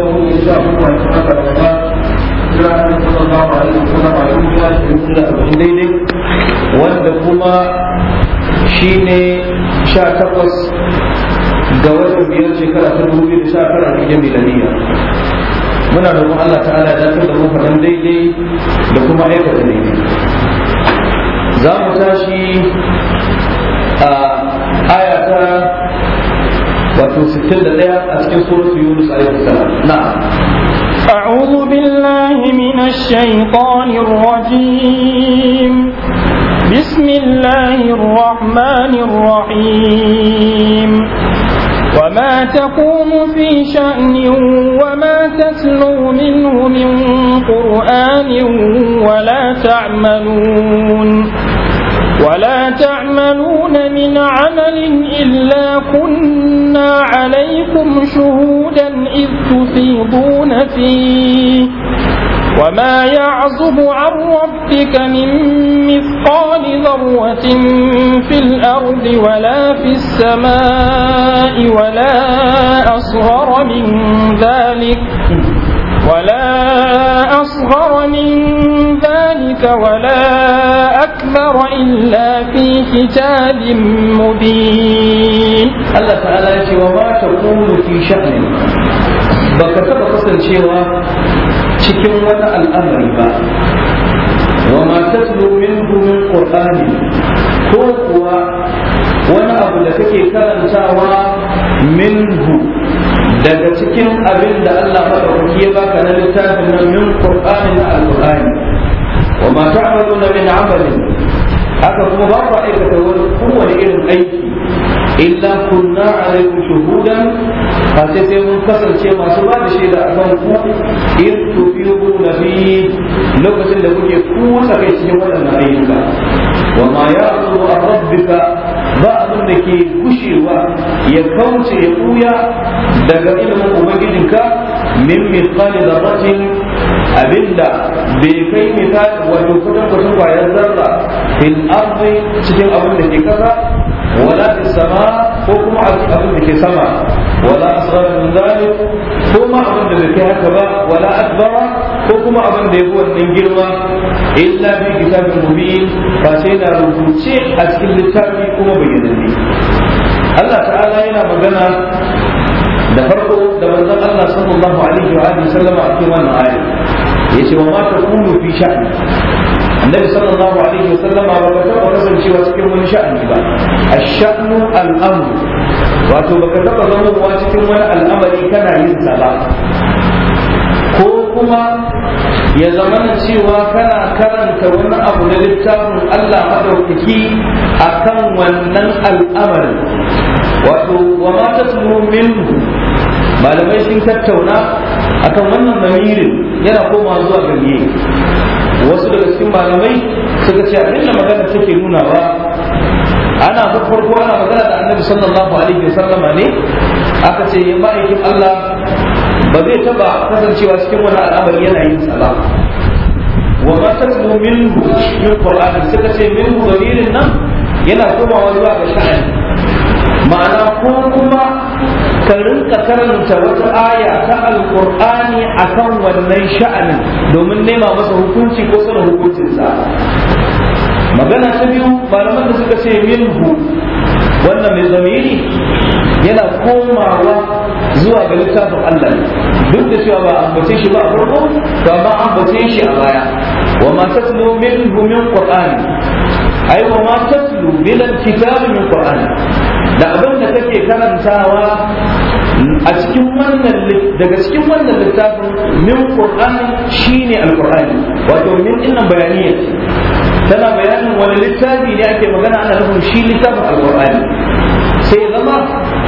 انه wanda kuma shi ne sha takwas ga wata biyar shekara ta dubu biyu da sha tara a cikin milaniya muna roƙon Allah ta'ala ya da mu faɗan daidai da kuma aikata daidai za mu tashi a ayata wato 61 دقيقة cikin suratu يونس عليه السلام نعم أعوذ بالله من الشيطان الرجيم بسم الله الرحمن الرحيم وما تقوم في شأن وما تتلو منه من قرآن ولا تعملون ولا تعملون من عمل إلا كنا عليكم شهودا إذ تفيضون فيه وما يعزب عن ربك من مثقال ذرة في الأرض ولا في السماء ولا أصغر من ذلك ولا أصغر من ذلك ذلك ولا أكبر إلا في كتاب مبين الله تعالى وما تقول في شأن بكتب قصد شيوا شكم ولا الأمر با وما تتلو min من ko kuwa wani abu da kake karantawa minhu daga cikin abin da Allah maɗaukaki ya baka na littafin nan min Qur'anin al-Qur'ani وما تعملون من عمل هذا مضاف إلى توجهكم ولإلى الأيدي إلا كنا عليكم شهودا حتى تنكسر شيء ما سوى بشيء لا أعلمكم إذ تفيضون فيه لو كسر لكم يكون في شيء ولا نعيدك وما يعلم ربك بعض النكي كشي يكون سيقويا لك إلى من أمجدك من مثقال ذرة أبدا bai kai misali wato kudin kudin kwayar zarra fil ardi cikin abin da ke kasa wala fis sama ko kuma abin da ke sama wala asghar min zalik ko ma abin da bai kai haka ba wala akbara ko kuma abin da yafi wannan girma illa bi kitabin mubin ba sai na rubuce a cikin littafi kuma bayyananne Allah ta'ala yana magana da farko da manzon Allah sallallahu alaihi wa alihi sallama a cikin wannan ayat yace wa ma takunu fi sha'ni annabi sallallahu alaihi wasallam ba ka taba kasancewa cikin wani sha'ani ba ash-sha'nu al-amr wato baka taba zamowa cikin wani al'amari kana yin sa ba ko kuma ya zama cewa kana karanta wani abu da littafin Allah madaukaki a kan wannan al'amarin wato wa ma ta minhu malamai sun tattauna akan wannan lamirin yana koma zuwa gare wasu daga cikin malamai suka ce abin da magana take nunawa ana ga farko ana magana da annabi sallallahu alaihi wasallama ne aka ce ya ma'aikin Allah ba zai taba kasancewa cikin wani al'amari yana yin sala wa ma tatlu minhu min qur'an suka ce minhu damirin nan yana komawa zuwa ga sha'ani ma'ana ko kuma ka rinka karanta wata aya ta alqur'ani akan wannan sha'anin domin nema masa hukunci ko sanin hukuncinsa magana ta biyu malaman da suka ce minhu wannan mai zamiri yana komawa zuwa ga littafin Allah duk da cewa ba ambace shi ba a farko ba amma ambace shi a baya wa ma tatlu minhu min qur'ani ai wa ma tatlu min min qur'ani da abin da kake karantawa a cikin wannan daga cikin wannan littafin min qur'ani shine alqur'ani wato min bayaniya tana bayanin wani littafi ne ake magana ana nufin shi littafin alqur'ani sai zama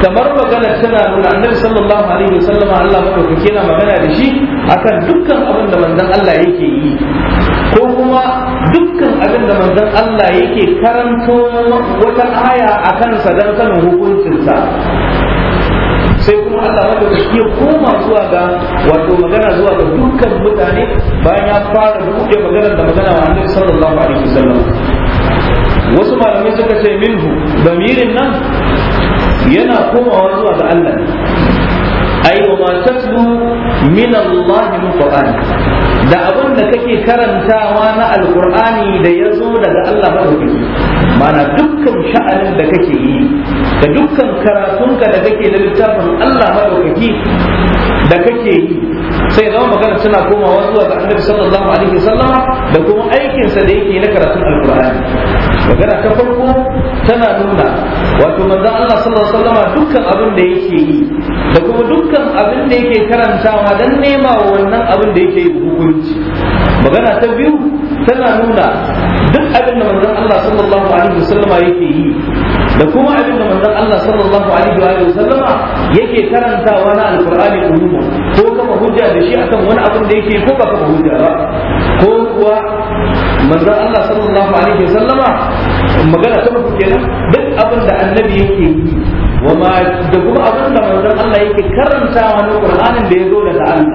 kamar magana tana nuna annabi sallallahu alaihi wasallam Allah madaukake yana magana da shi akan dukkan abin da manzon Allah yake yi ko kuma dukkan abin da manzon Allah yake karanto wata aya akan sa dan sanin hukuncinsa sai kuma Allah wanda da shi koma zuwa ga wato magana zuwa ga dukkan mutane bayan ya fara buɗe magana da magana wa Annabi sallallahu alaihi wasallam wasu malamai suka ce minhu damirin nan yana komawa zuwa ga Allah ai wa ma tatlu min Allah min Qur'an da abin da kake karantawa na alqur'ani da yazo daga Allah ba ma'ana dukkan sha'anin da kake yi da dukkan karatunka da kake da littafin Allah madaukaki da kake yi sai zama magana suna komawa zuwa ga annabi sallallahu alaihi wasallam da kuma aikinsa da yake na karatun alqur'ani magana ta farko tana nuna wato manzo Allah sallallahu alaihi wasallam dukkan abin da yake yi da kuma dukkan abin da yake karantawa dan nema wannan abin da yake hukunci magana ta biyu tana nuna duk abin da manzo Allah sallallahu alaihi wasallam yake yi da kuma abin da manzo Allah sallallahu alaihi wasallam yake karantawa na alqur'ani umuman ko kuma hujja da shi akan wani abin da yake ko ba kafa hujja ba ko kuwa manzon Allah sallallahu alaihi wasallama magana ta mutu kenan duk abin da annabi yake yi ma da kuma abin da manzon Allah yake karanta wa na Qur'anin da ya zo daga Allah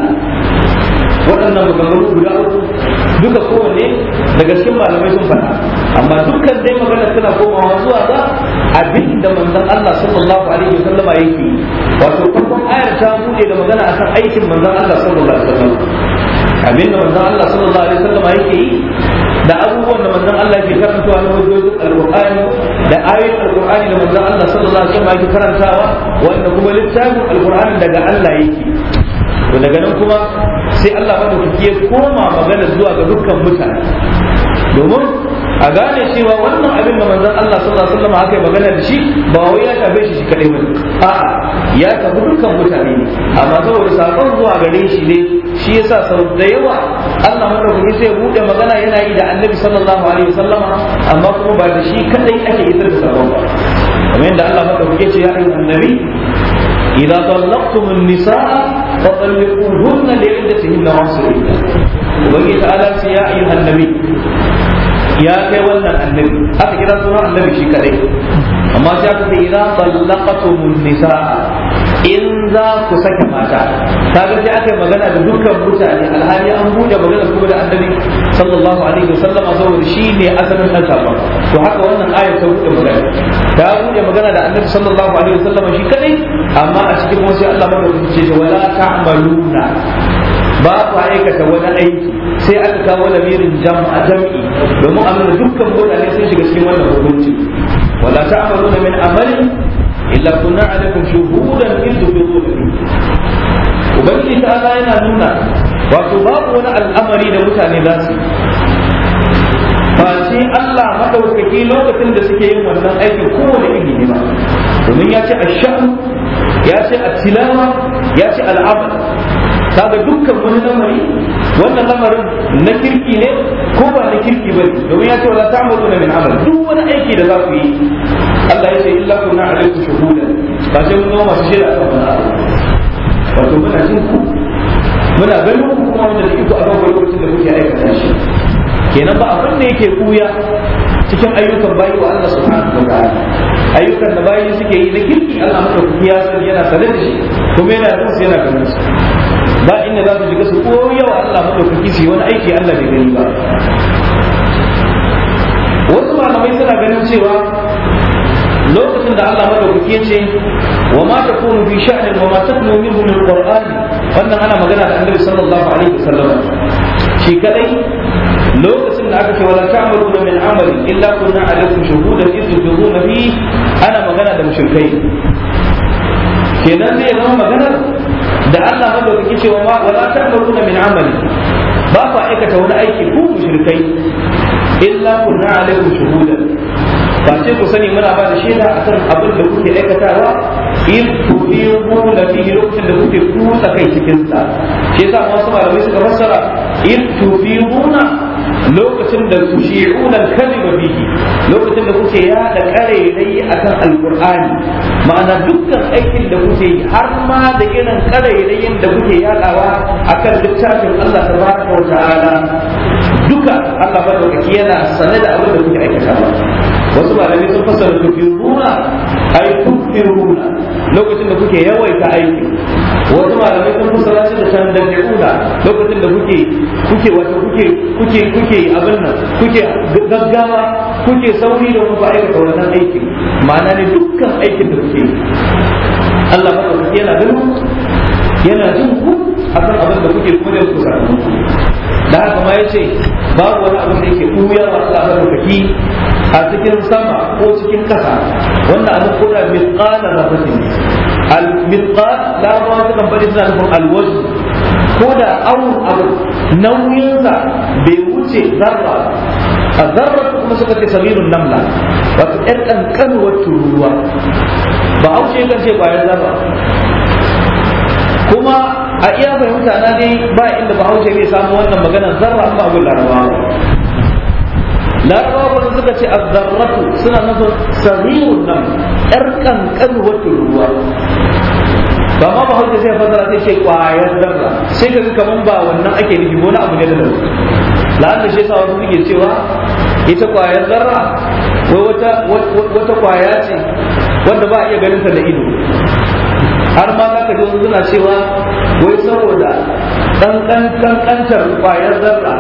waɗannan maganganu guda uku duka kowanne daga cikin malamai sun faɗa amma dukkan dai magana tana komawa zuwa ga abin da manzon Allah sallallahu alaihi wasallama yake yi wato farkon ayar ta bude da magana akan aikin manzon Allah sallallahu alaihi wasallam abin da manzon Allah sallallahu alaihi wasallama yake yi da abubuwan da manzon Allah ke karantawa na hujjojin alqur'ani da ayoyin alqur'ani da manzon Allah sallallahu alaihi wasallam ke karantawa wanda kuma littafin alqur'ani daga Allah yake to daga nan kuma sai Allah madaukaki ya koma magana zuwa ga dukkan mutane domin a gane cewa wannan abin da manzon Allah sallallahu alaihi wasallam haka magana da shi ba wai ya tabe shi kadai bane a'a ya tabe dukkan mutane ne amma saboda sakon zuwa gare shi ne shi yasa sau da yawa Allah madaukaki sai bude magana yana yi da Annabi sallallahu alaihi wasallam amma kuma ba da shi kadai ake yi da sakon ba kamar yadda Allah madaukaki ya ce ya ayyuhan nabi idza tallaqtumun nisaa فطلقوهن لعدتهن وحصر الله وبقي تعالى يا أيها النبي ya kai wannan annabi aka kira sunan annabi shi kadai amma sai aka ce idza talaqatumun nisa in za ku saka mata ga sai aka yi magana da dukkan mutane alhali an buɗe magana kuma da annabi sallallahu alaihi wasallam saboda shi ne asalin na sabon to haka wannan ayar ta buɗe magana ta buɗe magana da annabi sallallahu alaihi wasallam shi kadai amma a cikin wasu Allah madaukakin ce wala ta'maluna ba ku aikata wani aiki sai aka kawo lamirin jam'a jam'i domin a nuna dukkan mutane sun shiga cikin wannan hukunci wala ta'maluna min amalin illa kunna alaikum shuhudan in tufidu ubangiji ta Allah yana nuna wato babu wani al'amari da mutane za su face Allah madaukaki lokacin da suke yin wannan aikin kowane iri ne ba domin ya ce ash-sha'n ya ce at-tilawa ya ce al-amal kaga dukkan wani lamari wannan lamarin na kirki ne ko ba na kirki ba domin ya ce wala ta'malu min amal duk wani aiki da za ku yi Allah ya ce illa kunna alaikum shuhudan ba sai mun zama masu shaida kan wannan wato muna jin ku muna ganin ku kuma wanda take ku akan lokacin da kuke aikata shi kenan ba abin da yake kuya cikin ayyukan bayi wa Allah subhanahu wa ta'ala ayyukan da bayi suke yi na kirki Allah maka kuya san yana sanar da shi kuma yana rufe yana ganin su ba inda za su shiga su ko yawa Allah madaukaki su wani aiki Allah bai gani ba wasu malamai suna ganin cewa lokacin da Allah madaukaki ya ce wa ma takunu fi sha'nin wa ma tatlu minhu min qur'ani wannan ana magana da Annabi sallallahu alaihi wasallam shi kadai lokacin da aka ce wala ta'malu min amali illa kunna alaikum shuhuda idh tudhuna fi ana magana da mushrikai kenan zai zama maganar da Allah madaukaki cewa ma wala ta'maluna min amali ba ku aikata wani aiki ku mushrikai illa kunna alaikum shuhuda ba sai ku sani muna ba da shaida akan abin da kuke aikatawa in tubiru da fihi lokacin da kuke kusa kai cikin sa shi yasa wasu malamai suka fassara in tubiruna lokacin da tushi'un al-kalima bihi lokacin da kuke yada karerai akan alqur'ani ma'ana dukkan aikin da kuke yi har ma da irin dai da kuke yadawa akan littafin Allah tabaraka wa ta'ala duka Allah madaukaki yana sane da abin da kuke aikata wasu malami sun fasara tufiruna ay tufiruna lokacin da kuke yawaita aiki wasu malamai sun fi salatu da san da jihuna lokacin da kuke kuke wato kuke kuke kuke abin nan kuke gaggawa kuke sauri da kuma aikata wannan aikin ma'ana ne dukkan aikin da kuke Allah ba ku yana ganin yana jin ku akan abin da kuke kuma da ku da haka ma yace babu wani abin da yake kuya wa Allah ba lokaci a cikin sama ko cikin kasa wanda abin koda mai ƙana rafatin al-mithqal la ba kan bari suna nufin al ko da awun abu nauyinsa bai wuce zarra a zarra kuma suka ce sabilun namla wato ƴan ƙanƙanuwar tururuwa ba haushe kan ce ƙwayar zarra kuma a iya fahimta na dai ba inda bahaushe zai samu wannan maganar zarra ba a gullarawa larabawa da suka ce azzarratu suna nufin sarirun nan yar kankan wata ruwa ba ma ba hausa sai fasara sai ce kwayar zarra sai ka kaman ba wannan ake nufi wani abu ne da nan la'an shi yasa wasu suke cewa ita kwayar zarra wai wata kwaya ce wanda ba a iya ganin ta da ido har ma za ka ji suna cewa wai saboda kankantar kwayar zarra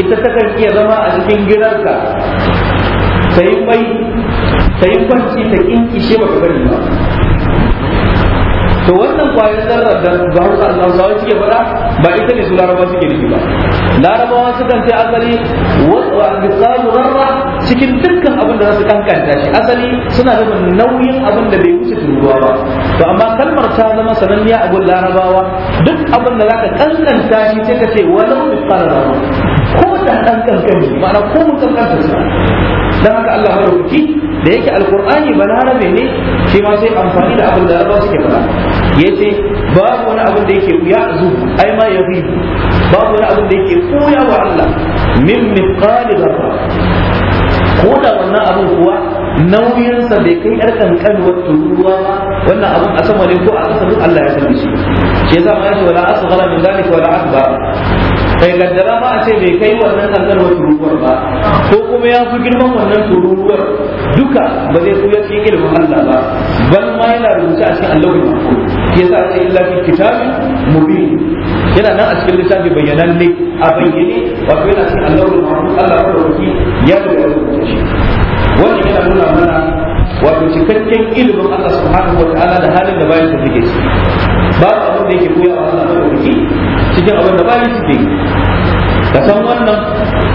ita takan iya zama a cikin gidanka ta yi mai ta kwanci ta kinkishe baka bari ba to wannan kwayar zarrar da ba hausa hausawa suke faɗa ba ita ne su larabawa suke nufi ba larabawa sukan sai asali wa misalu rarra cikin dukkan abin da za su kankanta shi asali suna da nauyin abin da bai wuce turuwa ba to amma kalmar ta zama sananniya a gun larabawa duk abin da za ka kankanta shi sai ka ce walau misalu da ɗan kankani ma'ana ko mun dan haka Allah ya rubuci da yake alqur'ani balarabe ne shi ma sai amfani da abin da Allah suke faɗa yace babu wani abin da yake ya zu ai ma ya babu wani abin da yake koya wa Allah min mithqali dharra ko da wannan abin kuwa nauyinsa bai kai yar kankanuwar tururuwa ba wannan abin a sama ne ko a ƙasa Allah ya san shi shi yasa ma wala asghara min zalika wala akbar bai gaddara ba a ce bai kai wannan kankarwar tururuwar ba ko kuma ya fi girman wannan tururuwar duka ba zai koya cikin ilmi Allah ba ban ma yana rubuta a cikin Allah ke sa sai illa fi kitabi mubi yana nan a cikin littafi ne a bayyane wato yana cikin Allah Allah ya rubuta ya rubuta shi wannan yana nuna mana wato cikakken ilimin Allah subhanahu wa ta'ala da halin da bayan ta take ba abin da yake koya wa Allah da cikin abin da bayan suke yi ka san wannan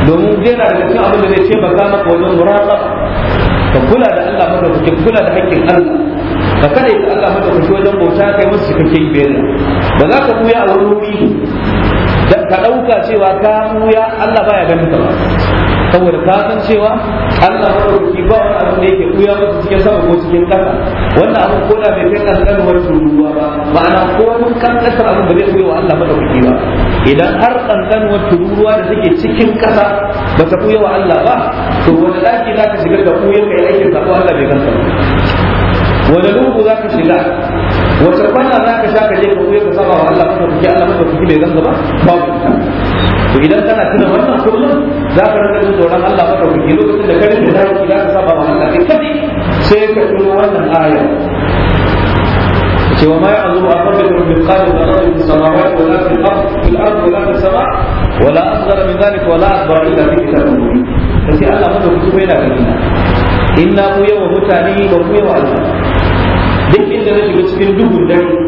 domin jera da cikin abin da zai ce baka maka wajen muraka ka kula da Allah maka kuke kula da hakkin Allah ka kada yi Allah maka kuke wajen bauta kai musu yi biyayya ba za ka buya a wani wuri ka ɗauka cewa ka buya Allah baya ganin ka ba saboda ka san cewa Allah maɗauki ba wani abu da yake kuya musu cikin sama ko cikin ƙasa wannan abu ko da bai kai wani tururuwa ba ma'ana ko mun ƙanƙantar abu ba zai kuya wa Allah maɗauki ba idan har wani tururuwa da take cikin ƙasa ba ta kuya wa Allah ba to wani ɗaki za ka shiga da ɓuya kai aikin ka ko Allah bai kansa wani lungu za ka shiga wata kwana za ka sha ka je ka ɓuya ka saba wa Allah maɗauki Allah maɗauki bai gansa ba babu to idan kana tuna wannan kullum za ka rinka jin tsoron Allah maka kuke lokacin da karin da za ka za ka saba wa Allah kai kadi sai ka tuno wannan aya ce wa ma ya'zuru aqrabu min qalbi dharri fi samawati wa la fil ardi fil ardi wa la fis sama' wa la asghara min dhalika wa la akbar illa fi kitabin mubin sai Allah maka kuke yana ganin inna mu yawa mutane ba mu yawa Allah duk inda na shiga cikin duhun dare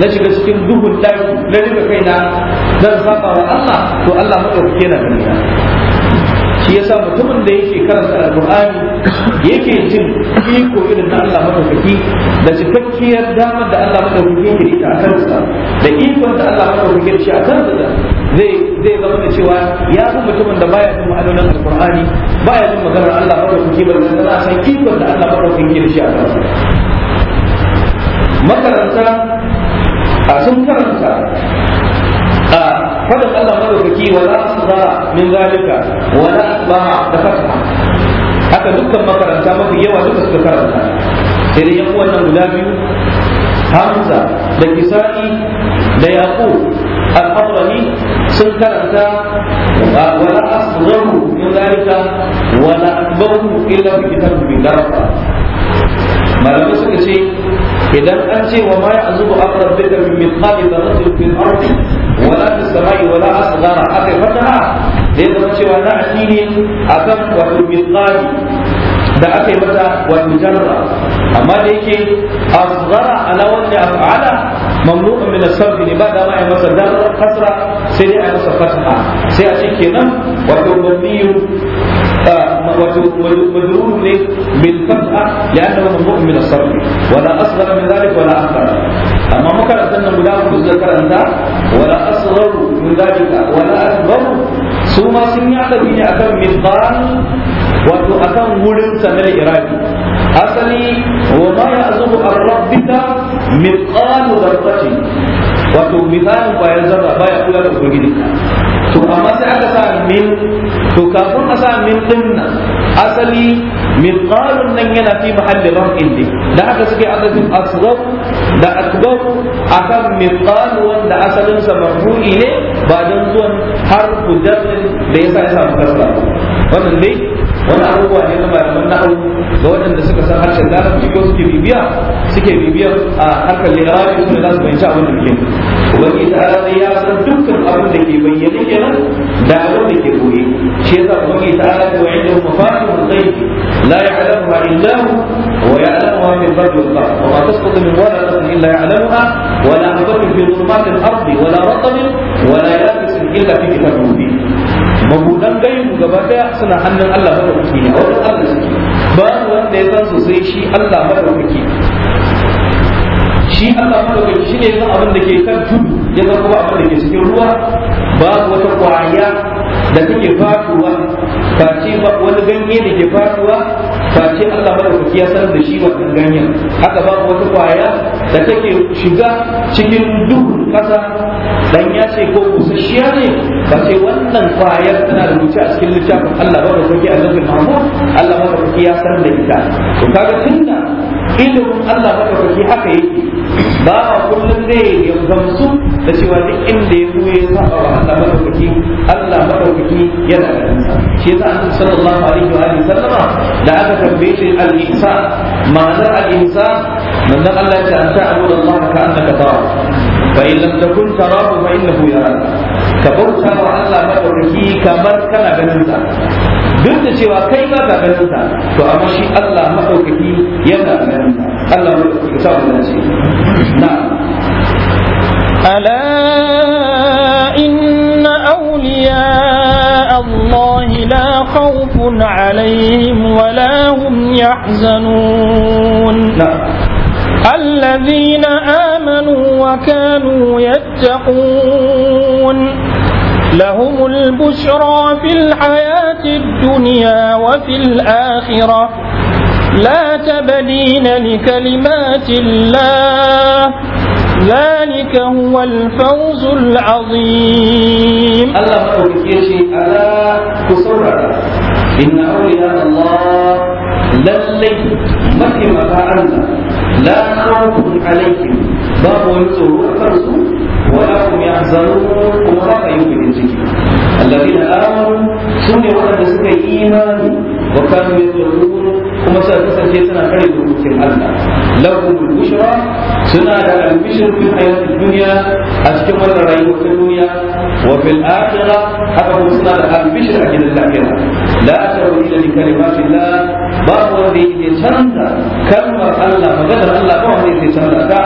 na shiga cikin duhun daki na rika kaina zan saba wa Allah to Allah madaukake na duniya shi yasa mutumin da yake karanta alqur'ani yake jin iko irin na Allah madaukaki da cikakkiyar damar da Allah madaukaki ke ita a kansa da iko da Allah madaukaki shi a kansa zai zai zama da cewa ya san mutumin da baya jin ma'anonin alqur'ani baya jin maganar Allah madaukaki ba da san iko da Allah madaukaki ke shi a kansa makaranta a sun karanta a fadin Allah madaukaki wa la asbaha min zalika wa la asbaha da haka dukkan makaranta mafi yawa duka suka karanta sai da yan nan guda biyu Hamza da Kisa'i da Yaqub al sun karanta wala asgharu min zalika wala akbaru illa bi kitabillahi malamai suka ce idan an ce wa ma ya'zubu an rabbika min mithqali dharratin fil ardi wala fis samai wala asghara akai fataha zai zama cewa na ne akan wato mithqali da aka yi mata wato jarra amma da yake asghara ala wanda af'ala mamlu'un min as-sabr ne ba da ma ai masa jarra kasra sai dai ai masa fataha sai a ce kenan wato mabniyu مجرور بالفتحة لأنه ممنوع من الصرف ولا أصغر من ذلك ولا أكبر أما مكر أن ملاك مذكر أنت ولا أصغر من ذلك ولا أكبر سوما سمع تبين أكم مثقال wato akan wurinsa na iraki asali wa ma ya azubu an rabbika mithqalu dharrati wato misalin bayan zarra baya kula da ubangiji to amma sai aka sa min to kafin a sa min din nan asali miqalun nan yana fi mahalli raf'in din da aka suke adadin asghar da akbar akan miqal wanda asalin sa mafru'i ne ba dan zuwan harfu jarrin da yasa ya samu kasra wannan dai wani abubuwa ne na malaman hau ga waɗanda suka san harshen larabci ko suke bibiya suke bibiyar a harkar lirabi kuma za su bayyana abin da muke wani ta'ala ya san dukkan abin da ke bayyane kenan da abin da ke koyi shi yasa wani ta'ala ko inda mafatihul ghaib la ya'lamuha illa hu wa ya'lamuha min fadli Allah wa ma tasqutu min waraqatin illa ya'lamuha wa la habatin fi dhulumatil ardi wa la ratabin wa la yabisin illa fi kitabin mubin mabudan gaibu gaba daya suna hannun Allah madaukaki ne a wajen Allah suke ba wanda ya san su sai shi Allah madaukaki shi Allah madaukakin shi ne yanzu abin da ke kan tudu ya zama kuma abin da ke cikin ruwa ba wata kwaya da take fatuwa face wani ganye da ke fatuwa face Allah madaukaki ya sanar da shi wannan ganyen haka ba wata kwaya da take shiga cikin duhun kasa dan ya ce ko busasshiya ne ba sai wannan kwayar tana da rubuce a cikin littafin Allah madaukaki a lafin Mahmud Allah madaukaki ya sanar da ita to kaga tunda ilimin Allah madaukaki haka yake ba a kullum zai ya gamsu da cewa duk inda ya zo ya saba wa Allah madaukaki Allah madaukaki yana da kansa shi yasa Annabi sallallahu alaihi wa sallama da aka tambaye shi al-insa ma'anar al-insa manzon Allah ya ce an ta'budu Allah ka annaka tarahu fa in lam takun tarahu fa innahu yaraka ka bauta wa Allah madaukaki kamar kana ganin sa duk da cewa kai ba ka ganin sa to amma shi Allah madaukaki yana ganin sa Allah madaukaki sa mu dace na ala inna awliya الله لا خوف عليهم ولا هم يحزنون الذين آمنوا وكانوا يتقون لهم البشرى في الحياة الدنيا وفي الآخرة لا تبدين لكلمات الله ذلك هو الفوز العظيم الله يقول ألا كسرنا إن أولياء الله للي مكما فعلنا لا خوف عليهم باب يسوء فرسوه لعلهم يحزنون kuma ba ka yi bakin ciki su ne waɗanda suka yi imani wa kanu yattaqun kuma suka suna kare dokokin Allah lahum suna da albishir fil hayati dunya a cikin ta duniya da a gidan lahira la tawila li kalimatillah ba wanda yake canza kalmar Allah maganar Allah ba wanda yake canza ta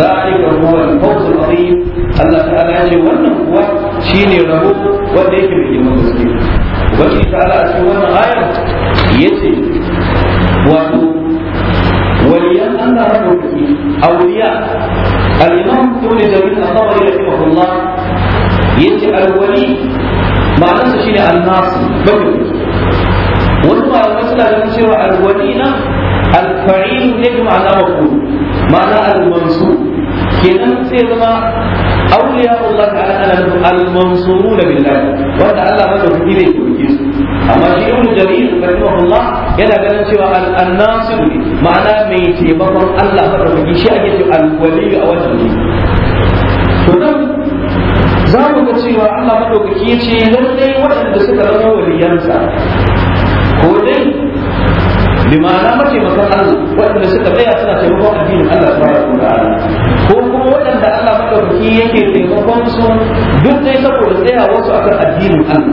zalika huwa al-fawz al-azim Allah ya ce wannan kuwa shine rabo wanda yake da girman gaske wani ta'ala a cikin wannan ayar yace wato waliyan Allah madaukaki awliya al-imam ibn jarir wani malamai suna ganin cewa alwali na alfa'il ne da ma'ana maqul ma'ana almansu kenan sai zama auliya Allah ta'ala ana nufin almansuru da billahi wanda Allah ba da kuɗi ne ke wuce su amma shi ibn jarir rahimahullah yana ganin cewa al-nasir ma'ana mai taimakon Allah ba da kuɗi shi ake cewa alwali a wajen ne to nan za mu ga cewa Allah madaukaki ya ce lallai waɗanda suka zama waliyansa ko dai bi ma'ana mataimakan Allah waɗanda suka tsaya suna taimakon addinin Allah subhanahu wa ko kuma waɗanda Allah madaukaki yake taimakon su duk dai saboda tsaya wasu akan addinin Allah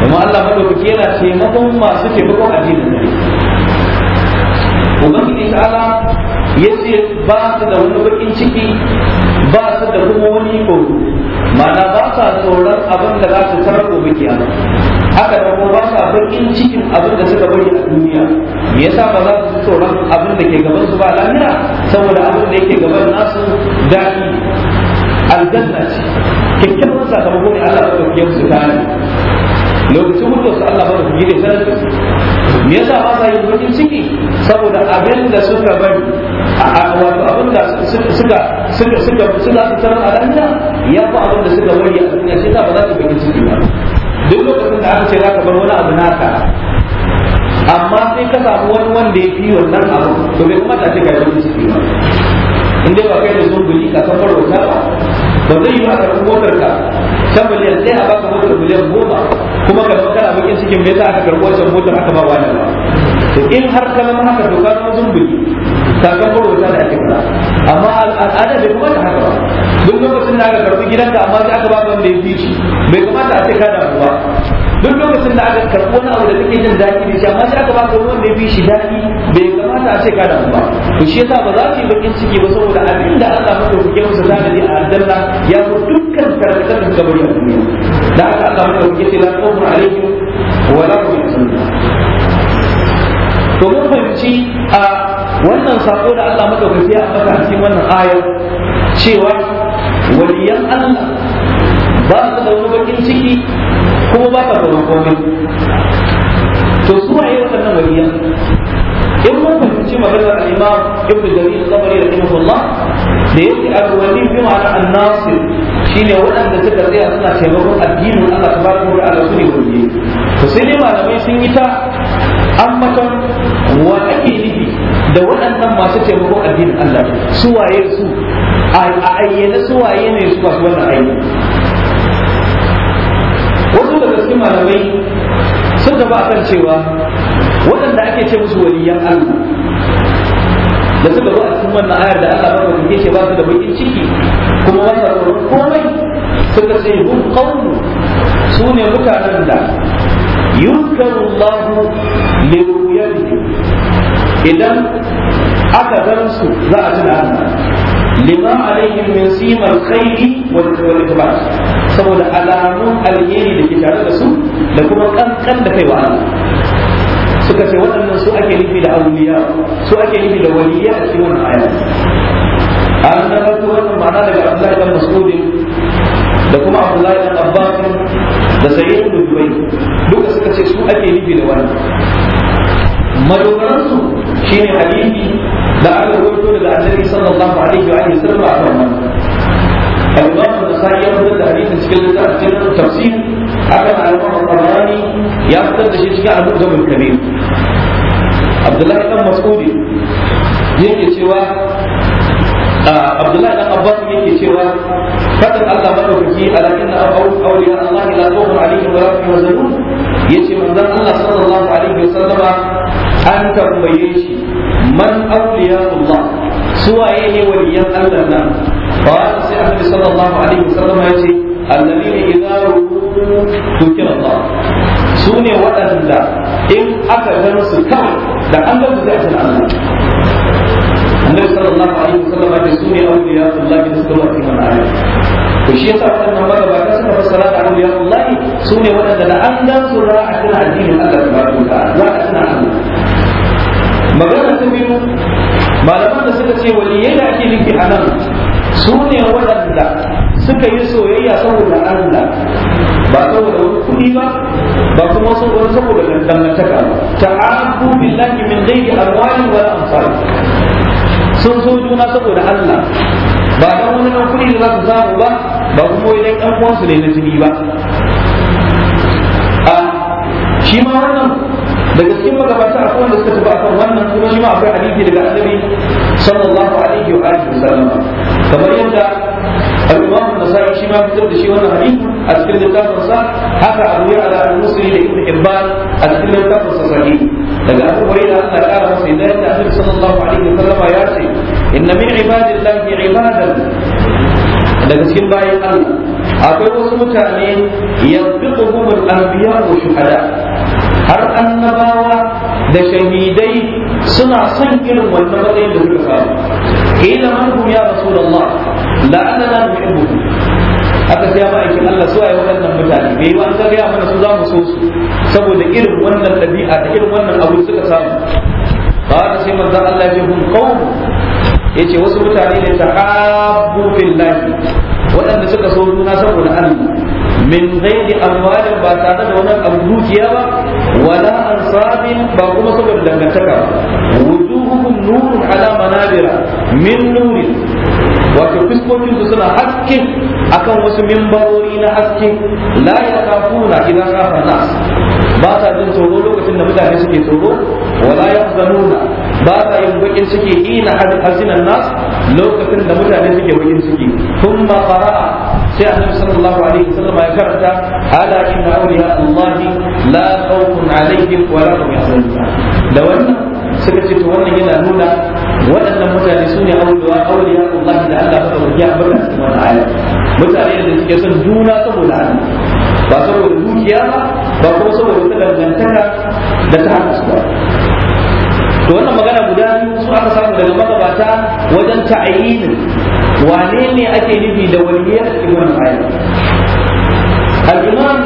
kuma Allah madaukaki yana taimakon masu taimakon addinin Allah ubangiji ta'ala ya ce ba su da wani bakin ciki ba su da kuma wani ko ma'ana ba sa tsoron abin da za su tarko biki a haka da kuma ba sa cikin abin da suka bari a duniya me yasa ba za su tsoron abin da ke gaban su ba lamira saboda abin da yake gaban nasu daɗi aljanna ce kyakkyawan sakamako ne Allah ya ɗauke su ne lokacin mutuwa su Allah ba su gide da me yasa ba sa yin bakin ciki saboda abin da suka bari a wato abin da suka suka suka suka suka tarar a lahira ya ba abin da suka bari a duniya shi ba za su bakin ciki ba duk lokacin da aka ce za ka bar wani abu naka amma sai ka samu wani wanda ya fi wannan abu to bai kuma ta ce ka yi wani ciki ba in dai ba kai da sun guli ka san ta ba ba zai yi haka motar ka ta miliyan sai a baka motar miliyan goma kuma ka zama kana bakin cikin me yasa aka karɓo wancan motar aka ba wani ba to in har ka zama haka to ka zama zumbuli sakamakon rubuta da ake fara amma al'ada bai kamata haka ba duk lokacin da aka karbi gidanka amma sai aka ba wanda ya fi bai kamata a ce ka damu ba duk lokacin da aka karbi wani abu da kake jin daɗi da shi amma sai aka ba ka wanda ya fi shi daɗi bai kamata a ce ka damu ba to shi yasa ba za su yi bakin ciki ba saboda abin da Allah maka kuke musu zanadi a aljanna ya fi dukkan tarkatar da kabari a duniya da aka aka maka kuke ce la qawmu alaikum wa la qawmu to mun fahimci a wannan sako da Allah madaukaki ya ambata a cikin wannan ayar cewa waliyan Allah ba su da wani bakin ciki kuma ba da wani komai to su waye wannan waliyan in mun fahimci maganar al-Imam Ibn Jarir Tabari rahimahullah da yake al-wali bi ma'ana an-nasir shine waɗanda suka tsaya suna taimakon addinin Allah tabaraka wa ta'ala su ne to sai dai malamai sun yi ta ammatan wa ake nufi da waɗannan masu taimakon addinin Allah su waye su a ayyana su waye ne su kwasu wannan ayyana wasu daga gaske malamai sun a kan cewa waɗanda ake ce musu waliyan Allah da suka zo a cikin wannan ayar da aka ba kuke ce ba su da bakin ciki kuma ba su da komai suka ce hum qawmu su ne mutanen da yunkaru Allah li ru'yatihi idan aka gan su za a tuna Allah lima alaihim min simar khairi wal kibar saboda alamun alheri da ke tare da su da kuma kankan da kai wa Allah suka ce waɗannan su ake nufi da auliya su ake nufi da waliya a cikin wannan ayat an da farko wannan ma'ana daga Abdullahi ibn Mas'ud da kuma Abdullahi ibn Abbas da Sayyid ibn Dubai duk suka ce su ake nufi da wannan madogaransu shine hadisi da an rubuto daga annabi sallallahu alaihi wa sallam a kan wannan Allah da sai ya fitar da hadisin cikin littafin tafsir akan al-Imam al ya fitar da shi cikin Al-Mu'jam kabir Abdullahi dan Mas'ud yake cewa Abdullahi dan Abbas yake cewa fadar Allah madaukaki ala inna awliya Allah la khawfun alaihim wa la hum yahzanun yace manzon Allah sallallahu alaihi wa sallama an tambaye shi man awliyaullah suwaye ne waliyan Allah nan fa sai annabi sallallahu alaihi wasallam ya ce alladhina idza ruku dhukira Allah su ne waɗanda in aka gano su kawai da an gano zai tana Allah annabi sallallahu alaihi wasallam ya ce su ne Allah da suka wata iman ayi to shi yasa waɗannan magabata suka fassara da Allah su ne waɗanda da an gano su ra'a a addinin Allah subhanahu wa ta'ala za a tuna Allah magana ta biyu malaman da suka ce wani yadda ake nufi a nan su ne waɗanda suka yi soyayya saboda Allah ba saboda wani kuɗi ba ba kuma saboda saboda dangantaka ta'abu billahi min ghairi amwali wala amsal sun so juna saboda Allah ba dan wani dan kuɗi da za su samu ba ba kuma wani dan uwansu ne na jini ba a shi ma wannan daga cikin magabata akwai wanda suka tafi kan wannan kuma shi ma akwai hadisi daga annabi sallallahu alaihi wa alihi wasallam kamar yadda al-Imam an-Nasa'i shi ma fitar da shi wannan hadisi a cikin littafin sa haka Abu Ya'la al-Musri da Ibn Hibban a cikin littafin sa sahih daga Abu Hurairah Allah ya kara sai idan da annabi sallallahu alaihi wa sallam ya ce inna min ibadillahi ibadan daga cikin bayan Allah akwai wasu mutane yanzu al anbiya wa shuhada har annabawa da shahidai suna son irin wannan matsayin da suka samu man hum ya rasulullah annana nuhibbu aka sai ba aikin Allah su ayi waɗannan mutane bai ba an ka ya mana su za mu so su saboda irin wannan dabi'a da irin wannan abu suka samu ba da sai manzon Allah ya hum qawm yace wasu mutane ne taqabbu billahi waɗanda suka so juna saboda Allah min ghairi amwalin ba tare da wannan abu dukiya ba wala ansabin ba kuma saboda dangantaka wujuhukum nurun ala manabira min nuri wato fuskokin su suna haske akan wasu mimbarori na haske la yakafuna idan kafa nas ba sa jin tsoro lokacin da mutane suke tsoro wala yahzanuna ba sa yin bakin suke ina hasinan nas lokacin da mutane suke bakin ciki thumma fara. sai annabi sallallahu alaihi wasallam ya karanta ala inna awliya allahi la khawfun alaihim wa la hum yahzanun da wannan suka ce to wannan yana nuna waɗannan mutane su ne auliya auliya Allah da Allah ba ku ya barka su wannan aya mutane da suke son juna saboda Allah ba saboda dukiya ba ba kuma saboda wata dangantaka da ta haka su ba to wannan magana guda biyu su aka samu daga magabata wajen ta'ayinin wane ne ake nufi da waliya a cikin wannan aya al-imam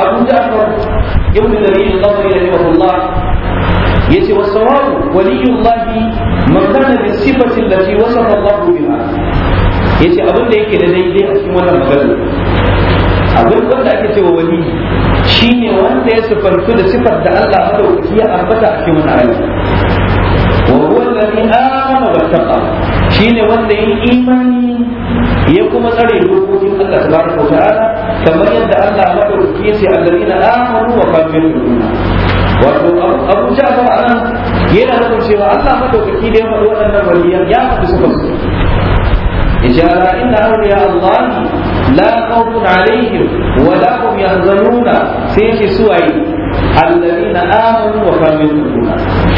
abu ja'far ibn nabiy al-qadri rahimahullah yace wa sawabu waliyullah man kana bi sifati allati wasafa Allah biha yace abin da yake da daidai a cikin wannan magana abin wanda ake cewa wali shine wanda ya sifantu da sifar da Allah madaukaki ya ambata a cikin wannan aya wa huwa allazi amana wattaqa shine wanda yi imani ya kuma tsare dokokin Allah subhanahu wa ta'ala kamar yadda Allah madaukaki sai allazina amanu wa kafiruna wato Abu Ja'far anan yana nufin cewa Allah madaukaki da ya faɗi waɗannan waliyan ya faɗi su kansu إشارة إن أولياء الله لا خوف عليهم ولا هم يحزنون سيش سوي الذين آمنوا وكانوا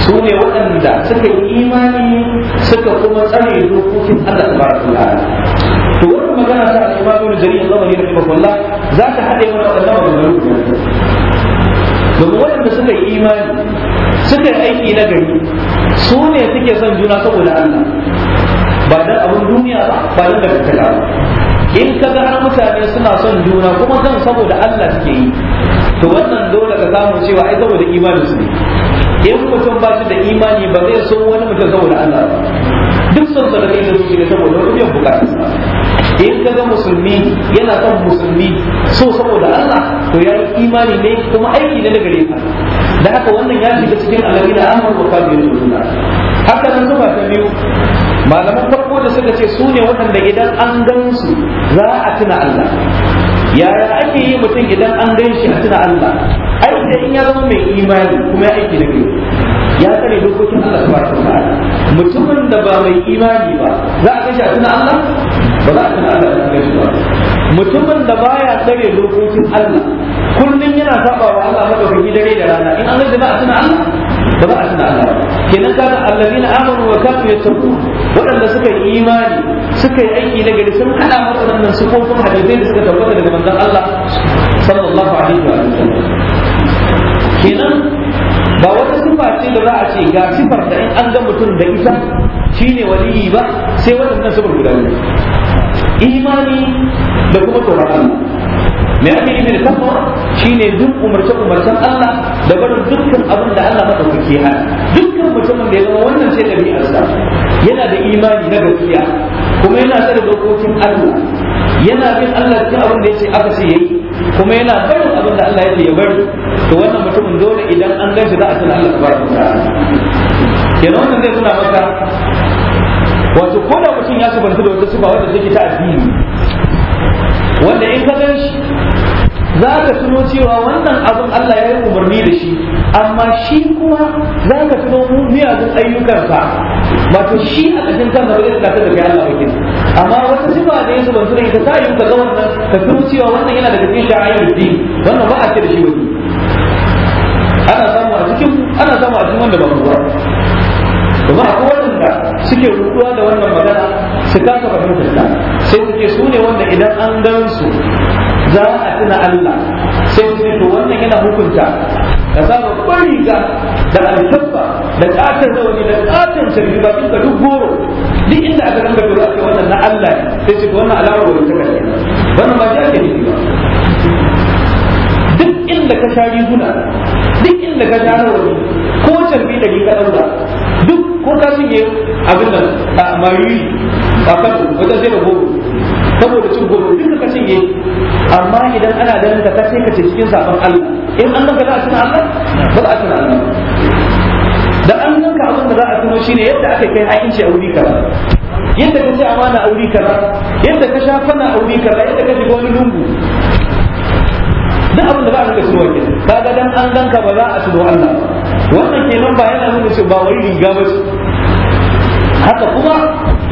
su ne waɗanda suka yi imani suka kuma tsare dokokin Allah ta baraka Allah to wannan magana ta Imam Allah ne da kuma Allah za ta haɗe mana da maganganu domin waɗanda suka yi imani suka yi aiki na gari su ne suke son juna saboda Allah ba dan abun duniya ba ba dan dangantaka ba in ka ga har mutane suna son juna kuma kan saboda Allah suke yi to wannan dole ka samu cewa ai saboda imanin su ne in mutum ba shi da imani ba zai so wani mutum saboda Allah ba duk son sa da zai da su ne saboda wani biyan buƙata in ka ga musulmi yana son musulmi so saboda Allah to ya yi imani ne kuma aiki ne na gare ka da haka wannan ya shiga cikin alamin amur wa kabirin haka nan zuba ta biyu malaman farko da suka ce su ne waɗanda idan an gansu za a tuna Allah yaya ake yi mutum idan an gan shi a tuna Allah ai da in ya zama mai imani kuma ya aiki da gari ya tsare dokokin Allah subhanahu wa ta'ala mutumin da ba mai imani ba za a kashe tuna Allah ba za a suna Allah da kashe ba mutumin da baya tsare dokokin Allah kullum yana saba wa Allah madaukaki dare da rana in an zai ba a tuna Allah ba za a tuna Allah kenan kana allazina amanu wa ya yattaqun waɗanda suka yi imani suka yi aiki na gari sun hada waɗannan sufofin hadisai da suka tabbata daga manzon Allah sallallahu alaihi wa sallam kenan ba wata sifa ce da za a ce ga sifar da in an ga mutum da ita shine waliyi ba sai wata waɗannan sifar guda ne imani da kuma tsoron Allah me ake nufi da shi shine duk umarce umarcen Allah da barin dukkan abin da Allah maka suke hana dukkan mutumin da ya zama wannan sai da yana da imani na gaskiya kuma yana da dokokin Allah yana bin Allah cikin abin da yace aka ce yayi kuma yana barin abin da Allah yace ya bari to wannan mutumin dole idan an gaji za a tuna Allah tabaraka ta'ala kenan wannan zai tuna maka wato ko da mutum ya subanta da wata sifa wadda take ta addini wanda in ka gan shi za ka tuno cewa wannan abin Allah ya yi umarni da shi amma shi kuma za ka tuno miyagun ayyukansa wato shi a cikin kan da wajen kasar da kai Allah wakil amma wata sifa da yasu ban ita ta yi ka ga wannan ka tuno cewa wannan yana daga cikin sha'ayin din wannan ba a ce da shi wani ana samu a cikin ana samu a cikin wanda ba kowa kuma akwai wanda suke rutuwa da wannan magana su kasa fahimtar ta sai suke su ne wanda idan an gan su za a tuna Allah sai ku to wannan yana hukunta ka sa babban ga da al-tabba da katin wani da katin sarki ba duka duk goro duk inda aka ranka dole aka wannan na Allah sai ce wannan alamar wani ta kashe wannan ba ta ne ba duk inda ka shari riguna duk inda ka sha wani ko tarbi da ka daura duk ko ka shige abin nan a mariri a kan wajen zai da goro saboda cin goro duk ka shige. amma idan ana ganin ka sai ka ce cikin sabon Allah in an ganka za a tuna Allah ba za a tuna Allah da an ganka abin da za a tuno shine yadda aka kai hakinci a wuri kaza yadda ka ce amana a wuri kaza yadda ka sha fana a wuri kaza yadda ka ji wani lungu duk abin da za a rinka tuno ba ga dan an ganka ba za a tuno Allah wannan kenan ba yana nuna cewa ba wai riga ba haka kuma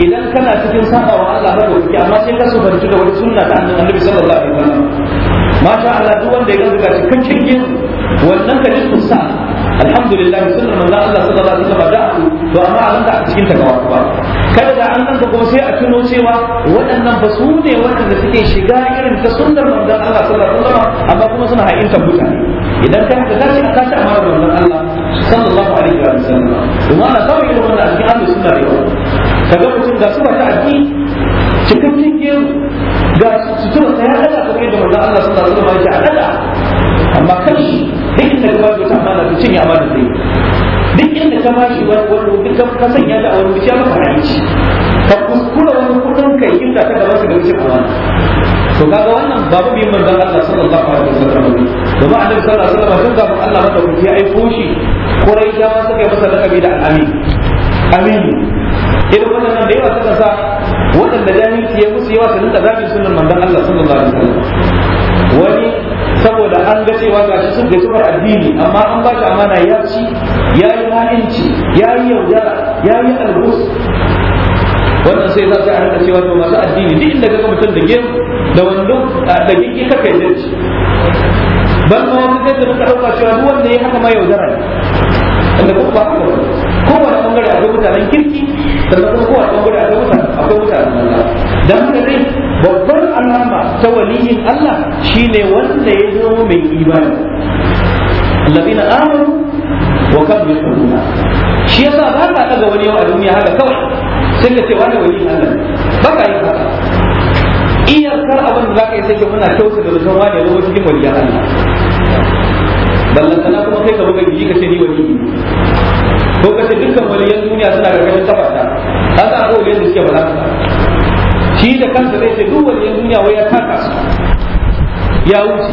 idan kana cikin saba wa Allah ba dokoki amma sai ka sufanci da wani sunna da annabi sallallahu alaihi wasallam masha Allah duk wanda ya ganzu cikin cikin wannan ka ji tusa alhamdulillah sunnar manzo Allah sallallahu alaihi wasallam da to amma a da cikin ta gawa ba kada da an kanka kuma sai a tuno cewa waɗannan ba su ne waɗanda suke shiga irin ta sunnar manzo Allah sallallahu alaihi wasallam amma kuma suna ta mutane idan ka da tashi ka ta amara manzo Allah sallallahu alaihi wasallam kuma ana samun irin wannan a cikin ahlus sunna kaga ga mutum ga ba ta addini cikin cikin ga su sutura ta ya dada kamar yadda manzo Allah sallallahu alaihi wasallam ya dada amma kan shi duk inda ka bashi wata amana ka cinye amana sai duk inda ka bashi wani duk ka sanya da wani wuce maka rayuci ka kuskura wani kudin kai inda ta gaba su ga wuce amana to kaga wannan babu bin manzon Allah sallallahu alaihi wasallam domin annabi sallallahu alaihi wasallam duk gaban Allah madaukaki ya aiko shi Quraishawa suka yi masa lakabi da al-amin amin irin wannan da yawa suka sa waɗanda jahilci ke musu yawa su rinka zafi sunan manzon Allah sallallahu alaihi wasallam wani saboda an ga cewa ga shi sun gaji addini amma an ba shi amana ya ci ya yi ha'inci ya yi yaudara ya yi albus wannan sai za ta harka cewa to masu addini duk inda kaga mutum da gem da wando da gigi kaka yi ci. ban ma wani zai da ɗauka cewa duk wanda ya haka ma yaudara ne wanda kuma ba haka bangare akwai mutanen kirki sannan kuma kowa bangare akwai mutanen akwai mutanen Allah dan haka dai babbar alama ta waliyin Allah shine wanda ya zo mai imani alladina amanu wa kam yaquluna shi yasa ba ka daga wani yau a duniya haka kawai sai ka ce wani waliyin Allah ba ka yi haka iyakar abin da za ka yi sai ka muna kyauta da rufin wani ya zama cikin waliyan Allah ballantana kuma kai ka buga jiki ka ce ni waliyi ko kace dukkan waliyan duniya suna da kafarta an za a ga waliyan da suke ba shi da kansa zai ce duk waliyan duniya wai ya taka su ya wuce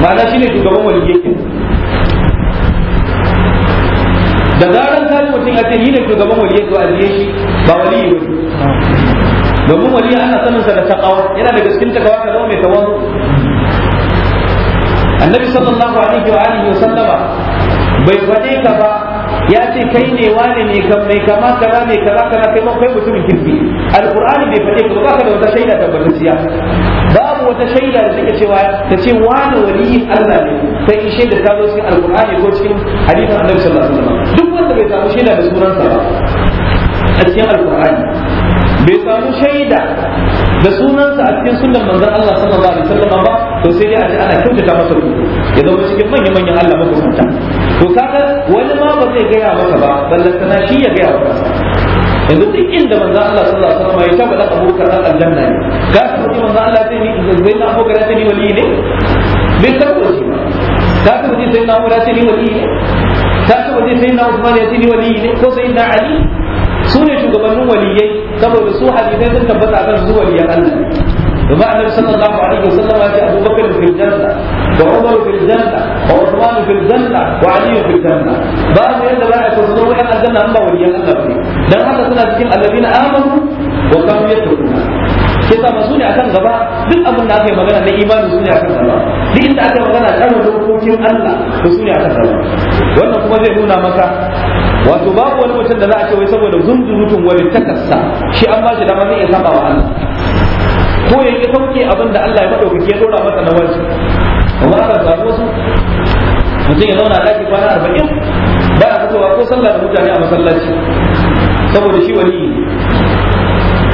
ma'ana shine shugaban waliyai da zaran ka mutum a ce ni ne shugaban waliyai to a shi ba waliyi ba domin wali ana sanin sa da taqwa yana daga cikin taqwa ka zama mai tawazu annabi sallallahu alaihi wa alihi wa sallama bai fade ka ba ya ce kai ne wani ne kam mai kama kaza mai kaza kana kai kai mutumin kirki alqur'ani bai faɗe ka baka da wata shaida barziya babu wata shaida da take cewa ta ce wani wali Allah ne sai in shaida ta zo cikin alqur'ani ko cikin hadisin annabi sallallahu alaihi wasallam duk wanda bai samu shaida da sunansa ba a cikin alqur'ani bai samu shaida da sunansa a cikin sunan manzon Allah sallallahu alaihi wasallam ba to sai dai a ana kyautata masa ya zama cikin manya-manyan Allah mabukunta to kaga wani ma ba zai gaya maka ba ballantana shi ya gaya maka yanzu duk inda manzo Allah sallallahu alaihi wasallam ya tabbata abubakar da aljanna ne ga shi manzo Allah zai ni zai na abubakar zai ni wali ne bai tabbata shi ba ka ji sai na umar zai ni wali ne ka ji sai na usman zai ni wali ne ko sai na ali su ne shugabannin waliyai saboda su hadisai sun tabbata kan su waliyan Allah فما النبي صلى الله عليه وسلم يأتي أبو بكر في الجنة وعمر في الجنة وعثمان في الجنة وعلي في الجنة بعد يد لا يتصدر وإن الجنة أما وليا الأمر dan haka suna cikin allabina amanu wa kam yatrukuna sai sa masu ne akan gaba duk abin da aka yi magana na imani su ne akan gaba duk inda aka yi magana kan dokokin Allah to su ne akan gaba wannan kuma zai nuna maka wato babu wani mutum da za a ce wai saboda zunzurutun wani takassa shi an ba shi dama zai iya saba wa Allah ko ya yi sauke abin da Allah ya maɗaukaki ya dora masa na waje amma aka samu wasu mutum ya zauna daki kwana arba'in ba a fitowa ko sallah da mutane a masallaci saboda shi wani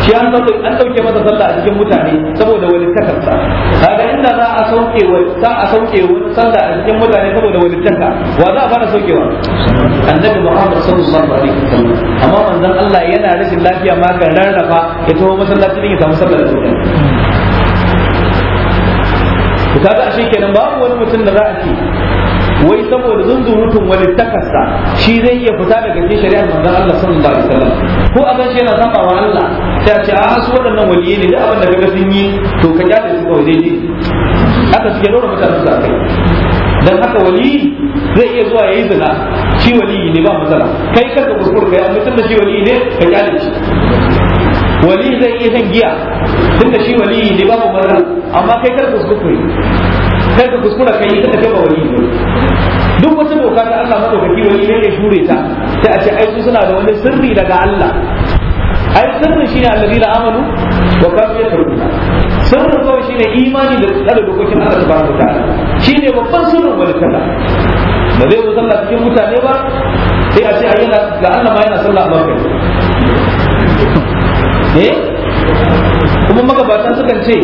shi an ɗauke masa sallah a cikin mutane saboda wani katarsa kaga inda za a sauke za a sauke sallah a cikin mutane saboda wani tanka wa za a fara saukewa annabi Muhammad sallallahu alaihi wasallam amma manzon Allah yana rashin lafiya ma kan rarrafa ya taho masallaci din ya samu sallah da mutane to kaga ashe kenan ba wani mutum da za a ce wai saboda zunzurutun wani takasta shi zai iya fita daga cikin shari'ar manzon Allah sallallahu alaihi wasallam ko a gan shi yana saba wa Allah sai a ce a su wadannan waliyai ne da abin da kaga sun yi to ka kyale su kawai daidai haka suke dora mutanen su kai dan haka wali zai iya zuwa yayi zina shi wali ne ba matsala kai kanka kurkur kai amma tunda shi wali ne ka kyale shi wali zai iya shan giya tunda shi wali ne babu matsala amma kai kar ka kuskure kar ka kuskura kai ita ta ba wani ne duk wata doka ta Allah madaukaki wani ne ya shure ta sai a ce ai su suna da wani sirri daga Allah ai sirrin shine la amanu wa kanu yatrukuna sirrin kawai shine imani da tsare dokokin Allah subhanahu wa ta'ala shine babban sirrin wani kala ba zai zo sallah cikin mutane ba sai a ce a yana ga Allah ma yana sallah ba kai eh kuma magabata sukan ce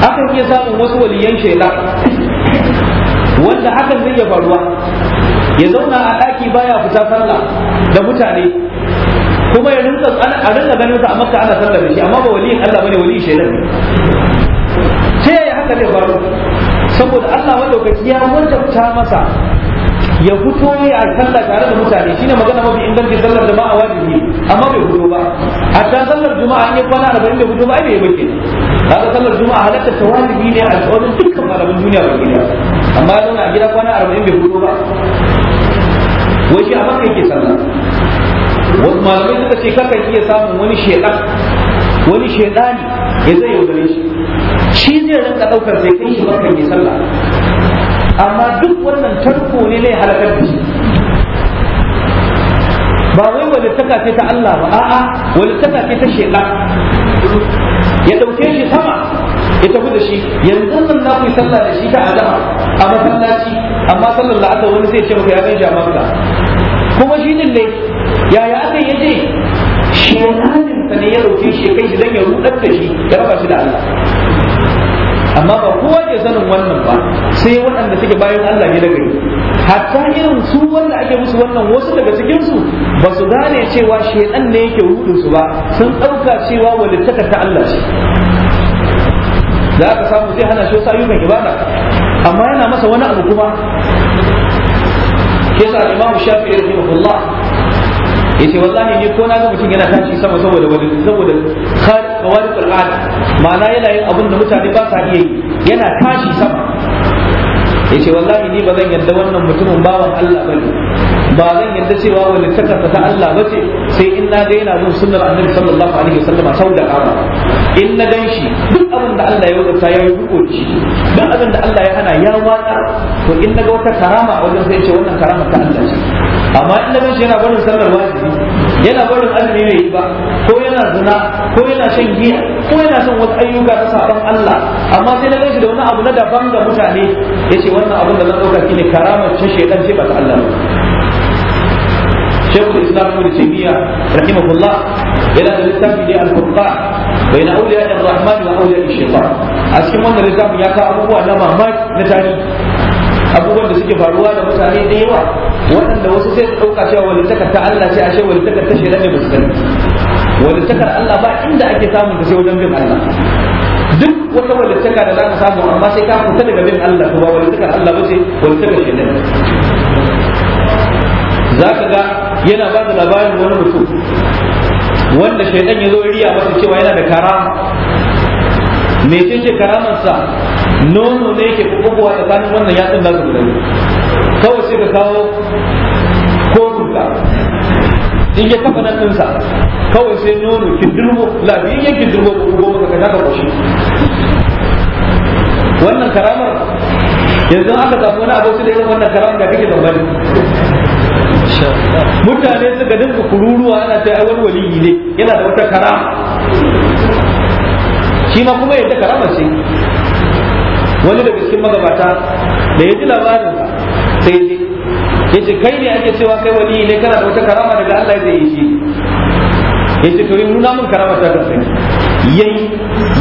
akan iya samun wasu waliyan shela wanda hakan zai iya faruwa ya zauna a ɗaki baya fita sallah da mutane kuma ya rinka a rinka ganin sa a makka ana sallar da shi amma ba waliyin Allah bane waliyin shaida. ta yaya haka zai faru saboda Allah madaukaki ya wajabta masa ya fito ya sallah tare da mutane shine magana mafi inganci sallar a wajibi amma bai fito ba a ta sallar juma'a an yi kwana arba'in bai fito ba ai bai bace kaga sallar juma'a halatta ta wajibi ne a tsawon dukkan malaman duniya ba gida amma ya zauna a gida kwana arba'in bai fito ba wai shi a maka yake sallah wasu malamai suka ce kakan iya samun wani shekar wani shedani ya zai yaudare shi shi zai rinka daukar sai kai shi bakan ya sallah amma duk wannan tarko ne ne halakar da ba wai walittaka ce ta Allah ba a'a walittaka ce ta shela ya dauke shi sama ya tafi da shi yanzu nan na ku sallah da shi ta adama a masallaci amma sallar la'asar wani zai ce maka ya gan maka kuma shi din ne yaya aka yi je shelanin ne ya dauke shi kai shi dan ya rudar da shi ya raba shi da Allah amma ba kowa ke sanin wannan ba sai waɗanda suke bayan Allah ne daga hatta irin su wanda ake musu wannan wasu daga cikin su ba su gane cewa shedan ne yake rudin su ba sun ɗauka cewa walittaka ta Allah ce za ka samu zai hana shi wasu ayyukan ibada amma yana masa wani abu kuma yasa imamu Shafi'i rahimahullah yace wallahi ne ko na ga mutum yana tashi sama saboda wani saboda kawari qur'an ma'ana yana yin abin da mutane ba sa iya yi yana tashi sama yace wallahi ni ba zan yadda wannan mutumin bawan Allah ne ba zan yadda cewa wani takarda ta Allah ba ce sai in na ga yana bin sunnar annabi sallallahu alaihi wasallam sau da kama in na gan shi duk abin da Allah ya wadata ya yi hukunci duk abin da Allah ya hana ya wada to in na ga wata karama a wajen sai ce wannan karama ta Allah ce amma in da yana barin sallar wajibi yana barin azumi bai yi ba ko yana zina ko yana shan giya ko yana son wasu ayyuka ta saban Allah amma sai na gaishe da wani abu na daban ga mutane yace wannan abun da na dauka shine karamar ce shedan ce ba ta Allah شيخ الاسلام ابن تيميه رحمه الله الى الكتاب دي rahman بين اولياء الرحمن واولياء a cikin wannan littafin ya ka abubuwa na mamaki na tarihi abubuwan da suke faruwa da mutane da yawa waɗanda wasu sai su ɗauka cewa walittakar ta Allah ce ashe walittakar ta shaidan ne ba su sani walittakar Allah ba inda ake samun ta sai wajen bin Allah duk wata walittaka da za ka samu amma sai ka fita daga bin Allah to ba walittakar Allah ba ce walittakar shaidan za ka ga yana ba da labarin wani mutum wanda shaidan ya zo riya masa cewa yana da karama mecece karamarsa nono ne yake kubuwa tsakanin wannan yatsun da su guda kawai sai ka kawo in ya kafa nan ɗinsa kawai sai nono kindirmo lafiyayyen kindirmo ko ko maka ka ka kwashi wannan karamar yanzu aka samu wani abu sai da irin wannan karamar da kake zamani mutane suka dinka kururuwa ana ta ai wani waliyi ne yana da wata karama shi ma kuma yadda karama ce wani daga cikin magabata da ya ji labarin sai ya yace kai ne ake cewa kai wani ne kana da wata karama daga Allah zai yi shi yace to yin nuna mun karama ta ka sani? Yai,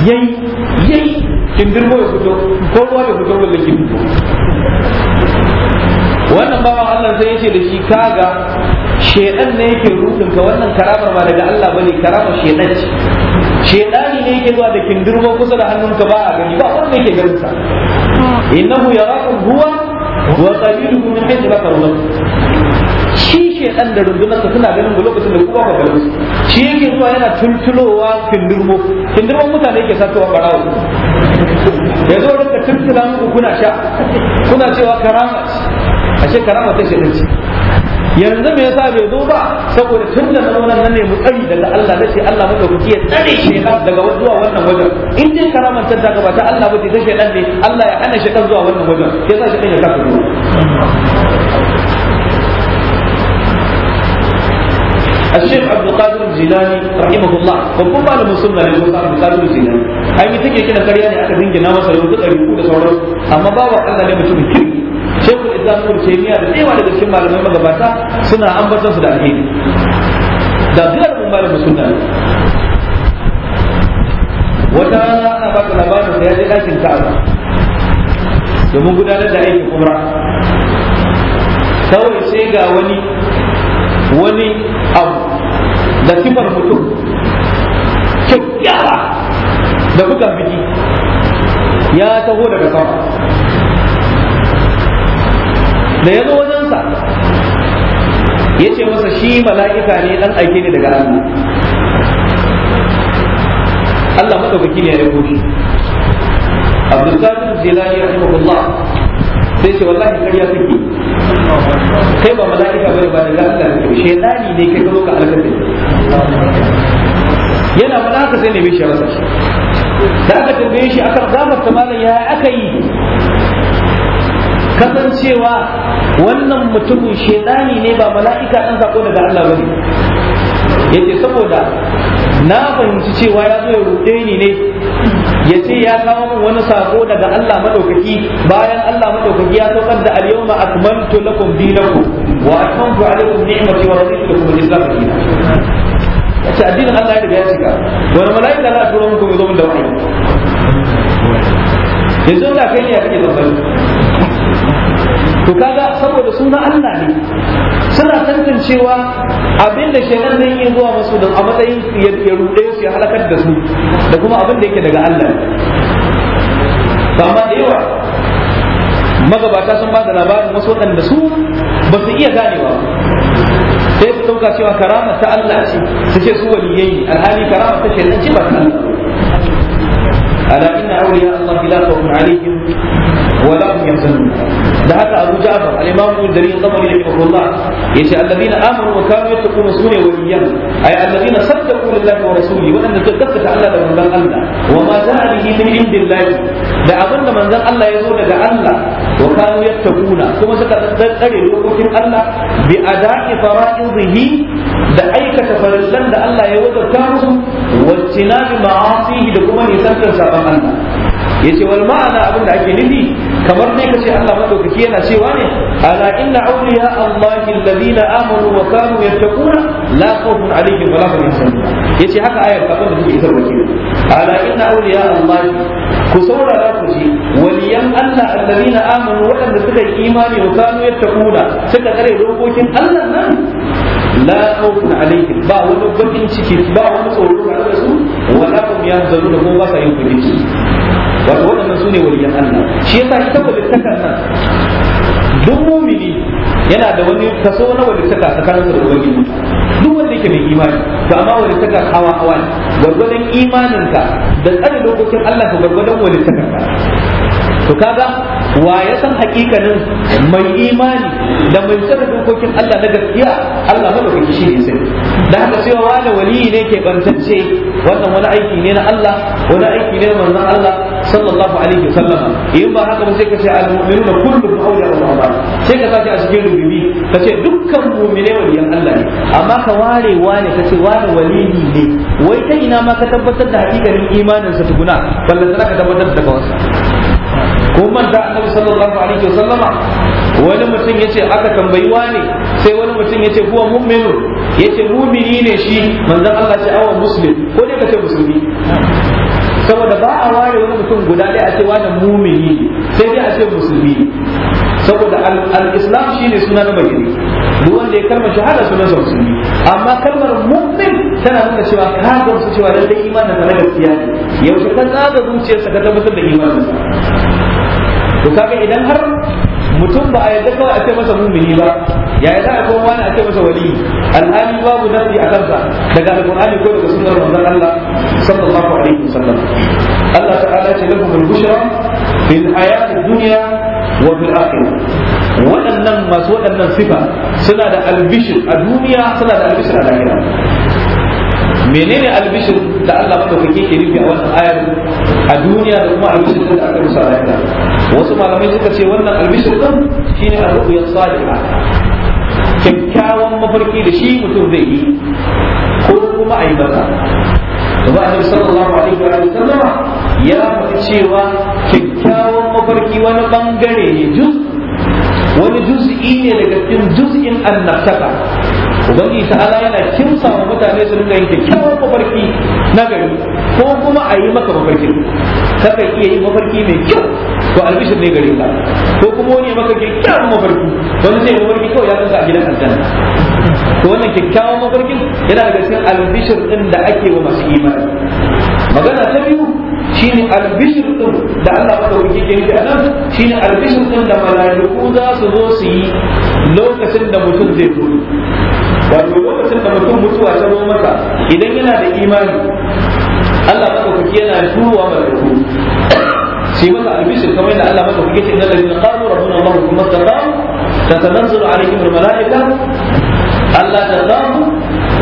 yai, yai, kin dirbo ya fito ko ruwa ya fito wallahi kin fito wannan bawa Allah sai yace da shi kaga shedan ne yake rudin ka wannan karamar ba daga Allah bane karamar shedan ce shedani ne yake zuwa da kindirgo kusa da hannunka ba a gani ba wanda yake garinsa hmm. innahu yarakum huwa wa qabiluhu min haythu la tarun shi shedan da rundunarsa suna ganin ku lokacin da kuma ba su shi yake zuwa yana tuntulowa kindirmo kindirmo mutane yake satowa barawo ya zo rinka tuntula muku kuna sha kuna cewa karama ashe karama ta shedan ce yanzu me yasa bai zo ba saboda tun da na nan ne mu daga Allah da ce Allah madaukaki ya tsare shaytan daga zuwa wannan wajen in dai karaman ta daga ba Allah ba ce ta shaytan ne Allah ya hana shaytan zuwa wannan wajen sa shaytan ya kafa الشيخ عبد القادر الجيلاني رحمه الله babban malamin sunna ne Musa Abdul Qadir Jilani ai take kina kariya ne aka dingina masa da duk ɗari da sauran amma babu Allah ne mutum shekul islam ibn taymiya da tsewa daga cikin malamai magabata suna ambaton su da alheri da abdullahi da malamin sunna wata rana ana baka labarin da ya je dakin ka'aba domin gudanar da aikin umra kawai sai ga wani wani abu da sifar mutum kyakkyawa da kuka biki ya taho daga sama da ya zo wajensa ya ce masa shi mala'ika ne dan aike ne daga Allah Allah madaukaki ne ya yi shi Abdul Qadir Jilani rahimahullah sai ce wallahi kariya kake kai ba mala'ika bane ba daga Allah ne shedani ne kai zo ka alkace yana mala'ika sai ne bai shi da aka tambaye shi aka zama ta ya aka yi kasancewa wannan mutumin shedani ne ba mala'ika ɗan sako daga Allah ba ne yake saboda na fahimci cewa ya zo ya ruɗe ni ne ya ce ya kawo min wani sako daga Allah madaukaki bayan Allah madaukaki ya saukar da al-yawma akmaltu lakum dinakum wa atmamtu alaykum ni'mati wa raditu lakum al-islam dinan ce addinin Allah ya riga ya shiga wani mala'ika za a turo muku zo mun da wani yanzu da kai ne ya kake zambari to kaga saboda suna Allah ne suna tantancewa abin da shaitan zai iya zuwa masu da a matsayin ya rude su ya halakar da su da kuma abin da yake daga Allah to amma da yawa magabata sun ba da labarin wasu waɗanda su ba su iya ganewa sai su ɗauka cewa karama ta Allah ce su ce su waliyai alhali karama ta shaitan ce ba ta Allah ala inna awliya Allah la khawfun alaihim wala hum yahzanun da haka Abu Ja'far al-Imam Ibn Jarir al-Tabari rahimahullah yace alladhina amanu wa kanu yattaquna sunna wa iyyan ay alladhina saddaqu lillahi wa rasulihi waɗanda ta tadakkata Allah da manzon Allah wa ma za'a bihi min indillahi da abinda manzon Allah ya zo daga Allah wa kanu yattaquna kuma suka tsare dokokin Allah bi ada'i fara'idihi da aikata farillan da Allah ya wajabta musu wa tinabi ma'asihi da kuma nisantar saban Allah yace wal ma'ana abin da ake nufi kamar dai kace Allah madaukaki yana cewa ne ala inna awliya allahi alladhina amanu wa kanu yattaquna la khawfun alaihim wa la hum yahzanun yace haka ayar abin da take ita wakili ala inna awliya allahi ku saurara ku ji waliyan Allah alladhina amanu waɗanda suka yi imani wa kanu yattaquna suka kare dokokin Allah nan la khawfun alaihim ba wani bakin ciki ba wani tsoro ga su wa la hum yahzanun ko ba sa yin kuɗi wato waɗannan su ne waliyan Allah shi yasa ta walittakan nan duk mumini yana da wani kaso na walittaka tsakanin da ubangiji duk wanda yake mai imani to amma walittaka hawa hawa ne gwargwadon imaninka da tsare dokokin Allah ka gwargwadon walittakarka to kaga wa ya san hakikanin mai imani da mai tsare dokokin Allah na gaskiya Allah madaukaki shi ne sai da haka cewa wani wali ne ke bantacce wannan wani aiki ne na Allah wani aiki ne na manzon Allah sallallahu alaihi wasallam in ba haka ba sai ka ce al-mu'minuna kulluhum awliya Allah sai ka sake a cikin rububi ka ce dukkan mu'mine waliyan Allah ne amma ka ware wani ka ce wani waliyi ne wai ta ina ma ka tabbatar da hakikarin imaninsa tukuna ballantana ka tabbatar da kawansa kun manta annabi sallallahu alaihi wasallama wani mutum yace aka tambayi wani sai wani mutum yace huwa mu'minun yace mumini ne shi manzon Allah sha'awar awa muslim ko ne kace musulmi saboda ba a ware wani mutum guda ɗaya a ce wani mumini sai dai a ce musulmi saboda al-islam shine suna na bayyane duk wanda ya kalmar shahada suna sa musulmi amma kalmar mu'min tana nuna cewa ka gamsu cewa lallai imanin ka na gaskiya ne yaushe ka tsaga zuciyarsa ka tabbatar da imanin to kaga idan har mutum ba a yarda kawai a ce masa mumini ba ya za a kuma wani a ce masa wali alhali babu nasi a kansa daga alqur'ani ko daga sunan ramadan Allah sallallahu alaihi wasallam Allah ta'ala ce lafi al-bushra fil hayati dunya wa fil akhirah waɗannan masu waɗannan sifa suna da albishir a duniya suna da albishir a lahira menene albishir da Allah madaukake ke nufi a wannan ayar a duniya da kuma albishir da aka rusa lahira wasu malamai suka ce wannan albishir din shine ar-ru'ya salihah mafarki da shi mutum zai yi ko kuma a yi maza kuma annabi sallallahu alaihi wa sallam ya faɗi cewa kyakkyawan mafarki wani bangare ne juz wani juz'i ne daga cikin juz'in annabtaka ta ta'ala yana kimsa wa mutane su rinka yin kyakkyawan mafarki na gari ko kuma a yi maka mafarki kakan iya yin mafarki mai kyau to albishir ne gare ka ko kuma wani maka kyakkyawan mafarki wani zai mafarki kawai ya san sa a gidan aljanna to wannan kyakkyawan mafarkin yana daga cikin albishir din da ake wa masu imani magana ta biyu shine albishir din da Allah madaukaki ke yi anan shine albishir din da malaiku za su zo su yi lokacin da mutum zai zo wato lokacin da mutum mutuwa ta zo masa idan yana da imani Allah madaukaki yana tuwa malaiku في وضع المسلم كما ان الله مثل بقيه الناس الذين قالوا ربنا الله ثم استقاموا تتنزل عليهم الملائكه الا تخافوا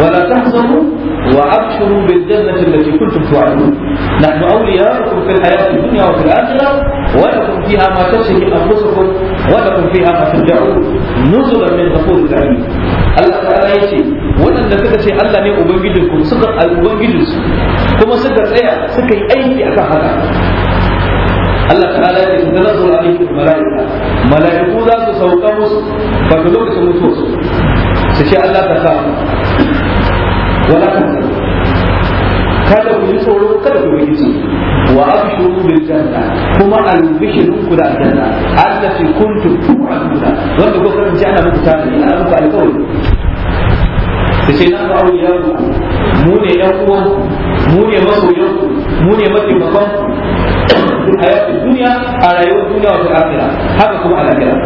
ولا تحزنوا وابشروا بالجنه التي كنتم توعدون نحن اولياؤكم في الحياه الدنيا وفي الاخره ولكم فيها ما تشرك انفسكم ولكم فيها ما ترجعون نزلا من غفور الحميد الله تعالى يأتي ولن نفتشي ألا ني نِعْمَ أبنجدكم صدق أبنجدكم ثم صدق سيئة سكي أي في Allah ta ta'ala ya ce tanazzul alaihim malaika malaiku za su sauka musu ba ka lokacin mutuwa su su ce Allah ta sa wala ta kada ku yi tsoro kada ku yi kici wa abshuru bil janna kuma albishirun ku da aljanna allati kuntum tu'aduna wanda ko kan ji ana muku ta ina muku alƙawari ta ce na ba auliya mu ne yan uwan mu ne masoyan mu ne mataimakon في الحياة الدنيا على يوم الدنيا وفي الآخرة هذا هو الآخرة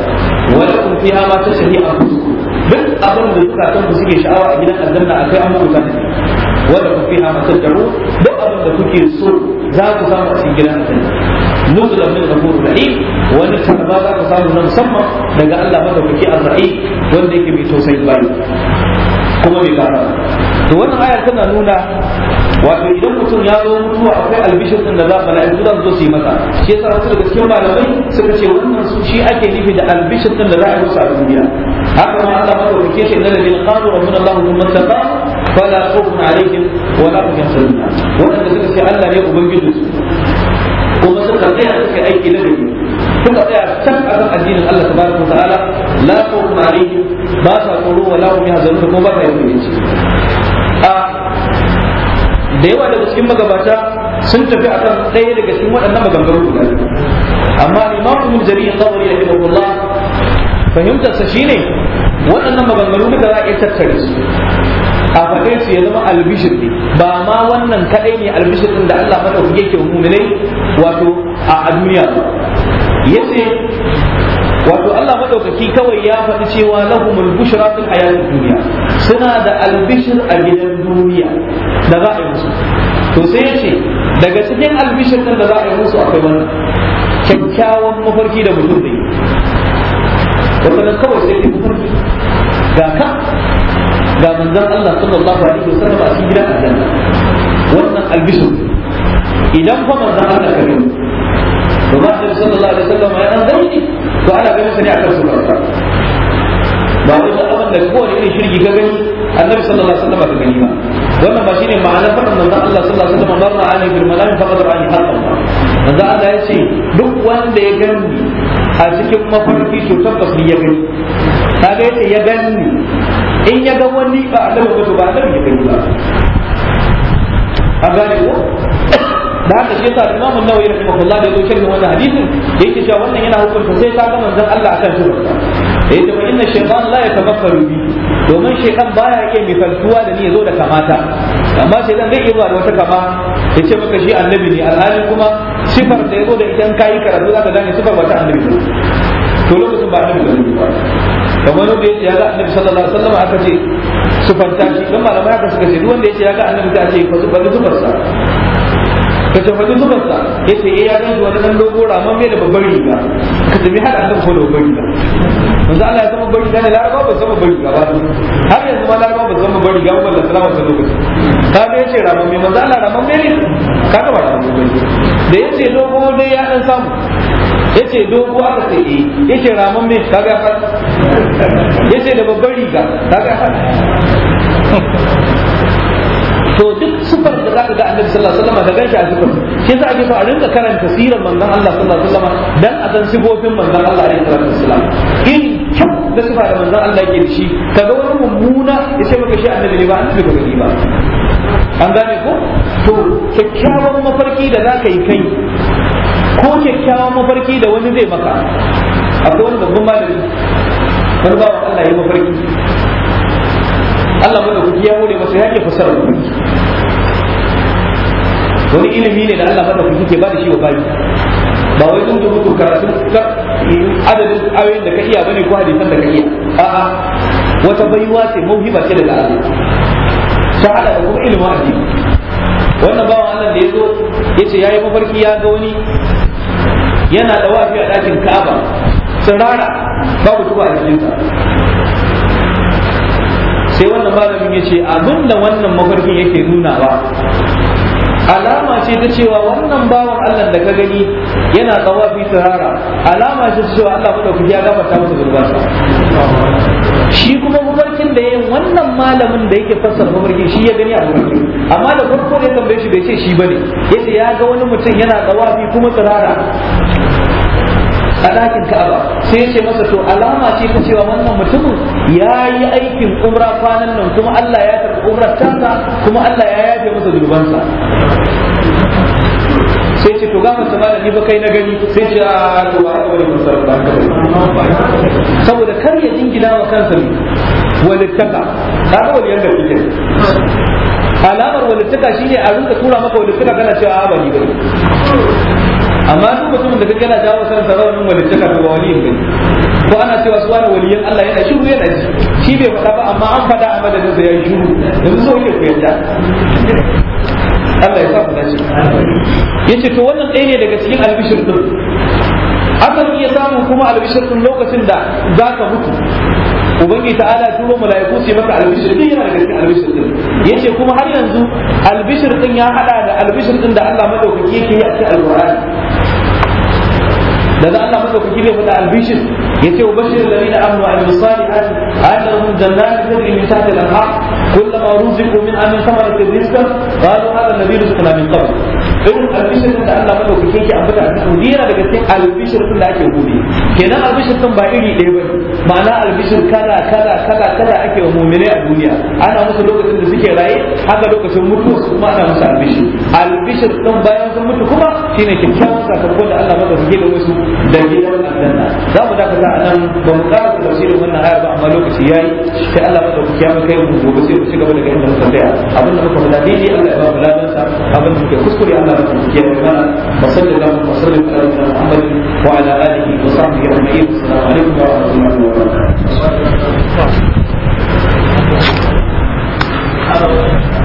ولكم فيها ما تشتهي أنفسكم duk abin da zukatan ku suke sha'awa a gidan aljanna a kai an muku sani wanda ku fiha masajjaru duk abin da kuke so za ku samu a cikin gidan aljanna nuzu da min ghafur wani karba za ku samu na musamman daga Allah madaukaki arra'i wanda yake mai tausayi bayi kuma to wannan aya tana nuna wato idan mutum ya zo mutuwa akwai albishir din da za ka na'i zan zo su yi masa shi yasa wasu daga cikin malamai suka ce wannan su shi ake nufi da albishir din da za a yi musu a duniya haka ma Allah ma dauke shi da wa qalu rabbuna Allah thumma taqa fala khawfun alaihim wala hum yahzanun wannan da suka ce Allah ne ubangijin su kuma suka tsaya suka aiki na gari suka tsaya can a kan addinin Allah tabaraka wa ta'ala la khawfun alaihim ba sa tsoro wala hum yahzanun kuma ba ta yi bayanci da yawa daga cikin magabata sun tafi akan ɗaya daga cikin waɗannan maganganu guda amma imamu ibn jarir tawri rahimahullah fahimtar shi ne waɗannan maganganu duka za a iya tattare su a faɗe su ya zama albishir ne ba ma wannan kaɗai ne albishir ɗin da Allah madaukake yake mu'minai wato a duniya yace wato Allah madaukaki kawai ya faɗi cewa lahumul bushra fil hayatid dunya suna da albishir a gidan duniya da za a yi musu to sai ya ce daga cikin albishin nan da za a yi musu akwai wani kyakkyawan mafarki da mutum zai wata nan kawai sai ya mafarki ga ka ga manzan Allah sallallahu alaihi wasallam a cikin gidan aljanna wannan albishin idan fa manzan Allah ka gani domin annabi sallallahu alaihi wasallam ya dan zauni to ana ganin sa ne akan su barka ba wai da abin da kowane irin shirki ga gani annabi sallallahu alaihi ba ta gani ba wannan ba shine ma'anar faɗin manzo Allah sallallahu alaihi wasallam marra ali bil malami faqad ra'ani haqqan manzo Allah yace duk wanda ya gani a cikin mafarki to tabbas ya gani kaga yace ya gani in ya ga wani ba annabi ba to ba da. ya gani ba a ko da haka shi yasa Imam nawawi rahimahullah da yake sharhi wannan hadisin yake cewa wannan yana hukunta sai ka ga manzon Allah akan shi yace fa inna shaytan la yatafakkaru bihi domin shekan baya iya misaltuwa da ni ya zo da kamata amma shekan zai iya da wata kama ya ce maka shi annabi ne alhalin kuma sifar da ya zo da idan kayi karatu za ka gane sifar wata annabi ne to lokacin ba annabi ba kamar wanda ya ce ya ga annabi sallallahu alaihi wasallam aka ce ta shi don malamai aka suka ce duk wanda ya ce ya ga annabi ta ce sifar sa ka ce faɗi zubarsa ya ce eh, ya gan zuwa wani ɗan dogo ramon mai da babbar riga ka ce mai haɗa annabi ko da babbar riga manzo Allah ya zama bari gane laraba ba zama bari gaba har yanzu ma laraba ba zama bari gaba ba sallallahu alaihi wasallam ka ga yace raman me manzo Allah raman me ne ka ga ba raman me da yace dogo dai ya dan samu yace dogo aka ce eh yace raman me ka ga fa yace da babbar riga ka ga to duk sufar da zaka ga annabi sallallahu alaihi wasallam da ganshi a cikin shi yasa ake so a rinka karanta sirar manzon Allah sallallahu alaihi wasallam dan a san sifofin manzon Allah alaihi wasallam in kyau da sifa da manzon Allah yake da shi kaga wani mummuna ya ce maka shi annabi ne ba annabi ba gani ba an gane ko to kyakkyawan mafarki da zaka yi kai ko kyakkyawan mafarki da wani zai maka akwai wani babban malami wani bawa Allah ya mafarki Allah madaukaki ya hore masa yake fasara mafarki wani ilimi ne da Allah ku ke ba da shi wa bayi ba wai duk da mutum karatu adadin ayoyin da ka iya bane ko hadisan da ka iya a'a wata baiwa ce mauhiba ce daga Allah ta hada da kuma ilimin addini wannan bawa Allah da yazo yace yayi mafarki ya ga wani yana da wafi a dakin Ka'aba tsirara babu tuba a cikin sai wannan malamin yace a da wannan mafarkin yake nunawa alama ce ta cewa wannan bawan Allah da ka gani yana fi tsirara alama ce ta cewa Allah madaukaki ya gafarta masa zurbansa shi kuma mafarkin da ya wannan malamin da yake fassara mafarkin shi ya gani a mafarkin amma da farko ya tambaye shi bai ce shi bane yace ya ga wani mutum yana fi kuma tsirara a ɗakin Ka'aba sai ce masa to alama ce ta cewa wannan mutumin ya yi aikin umra kwanan nan kuma Allah ya karɓi umrar kuma Allah ya yafe masa durbansa. sai ce to gafa sama da ni ba kai na gani sai ce a to ba haka bane mun ba saboda kar ya jingina wa kansa walittaka ka ga waliyan da kike alamar walittaka shine a rinka tura maka walittaka kana cewa a bani bane amma duk mutumin da kake yana jawo kansa rawanin walittaka to ba waliyin gani. ko ana cewa su wani waliyin Allah yana shiru yana ji shi bai faɗa ba amma an faɗa a madadin sa ya shiru yanzu zo yake ku yadda Allah ya sa ku dace yace to wannan ɗaya ne daga cikin albishir din akan iya samu kuma albishir din lokacin da za ka mutu ubangi ala turo malaiku su maka albishir din yana daga cikin albishir din yace kuma har yanzu albishir din ya haɗa da albishir din da Allah madaukaki yake yi a cikin alqur'ani da za Allah madaukaki bai faɗa albishir yace ubashir alladhina amanu wa amilus salihati annahum jannatin tajri min tahtiha al-anhar kullama ruziqu min amin thamaratin rizqan qalu hadha alladhi rizqana min irin albishir da Allah ba dauke ki ambata a cikin dira daga cikin albishir da ake gobe kenan albishir ba iri ɗaya bane ma'ana albishir kala kala kala kala ake wa mu'mine a duniya ana musu lokacin da suke raye haka lokacin mutu kuma ana musu albishir albishir din bayan sun mutu kuma shine kyakkyawan sakamako da Allah maka suke da wasu da gidan aljanna za mu dakata a nan ba mu ƙara tafsirin wannan ayar ba amma lokaci yayi sai Allah maka ku kiyama kai mu gobe sai mu ci gaba daga inda muka tsaya abin da muka faɗa dai Allah ya ba mu ladan sa abin da muke kuskure Allah ya ku kiyama mana wa sallallahu wa sallam ala Muhammad wa ala alihi wa sahbihi ajma'in assalamu alaikum wa rahmatullahi Thank you.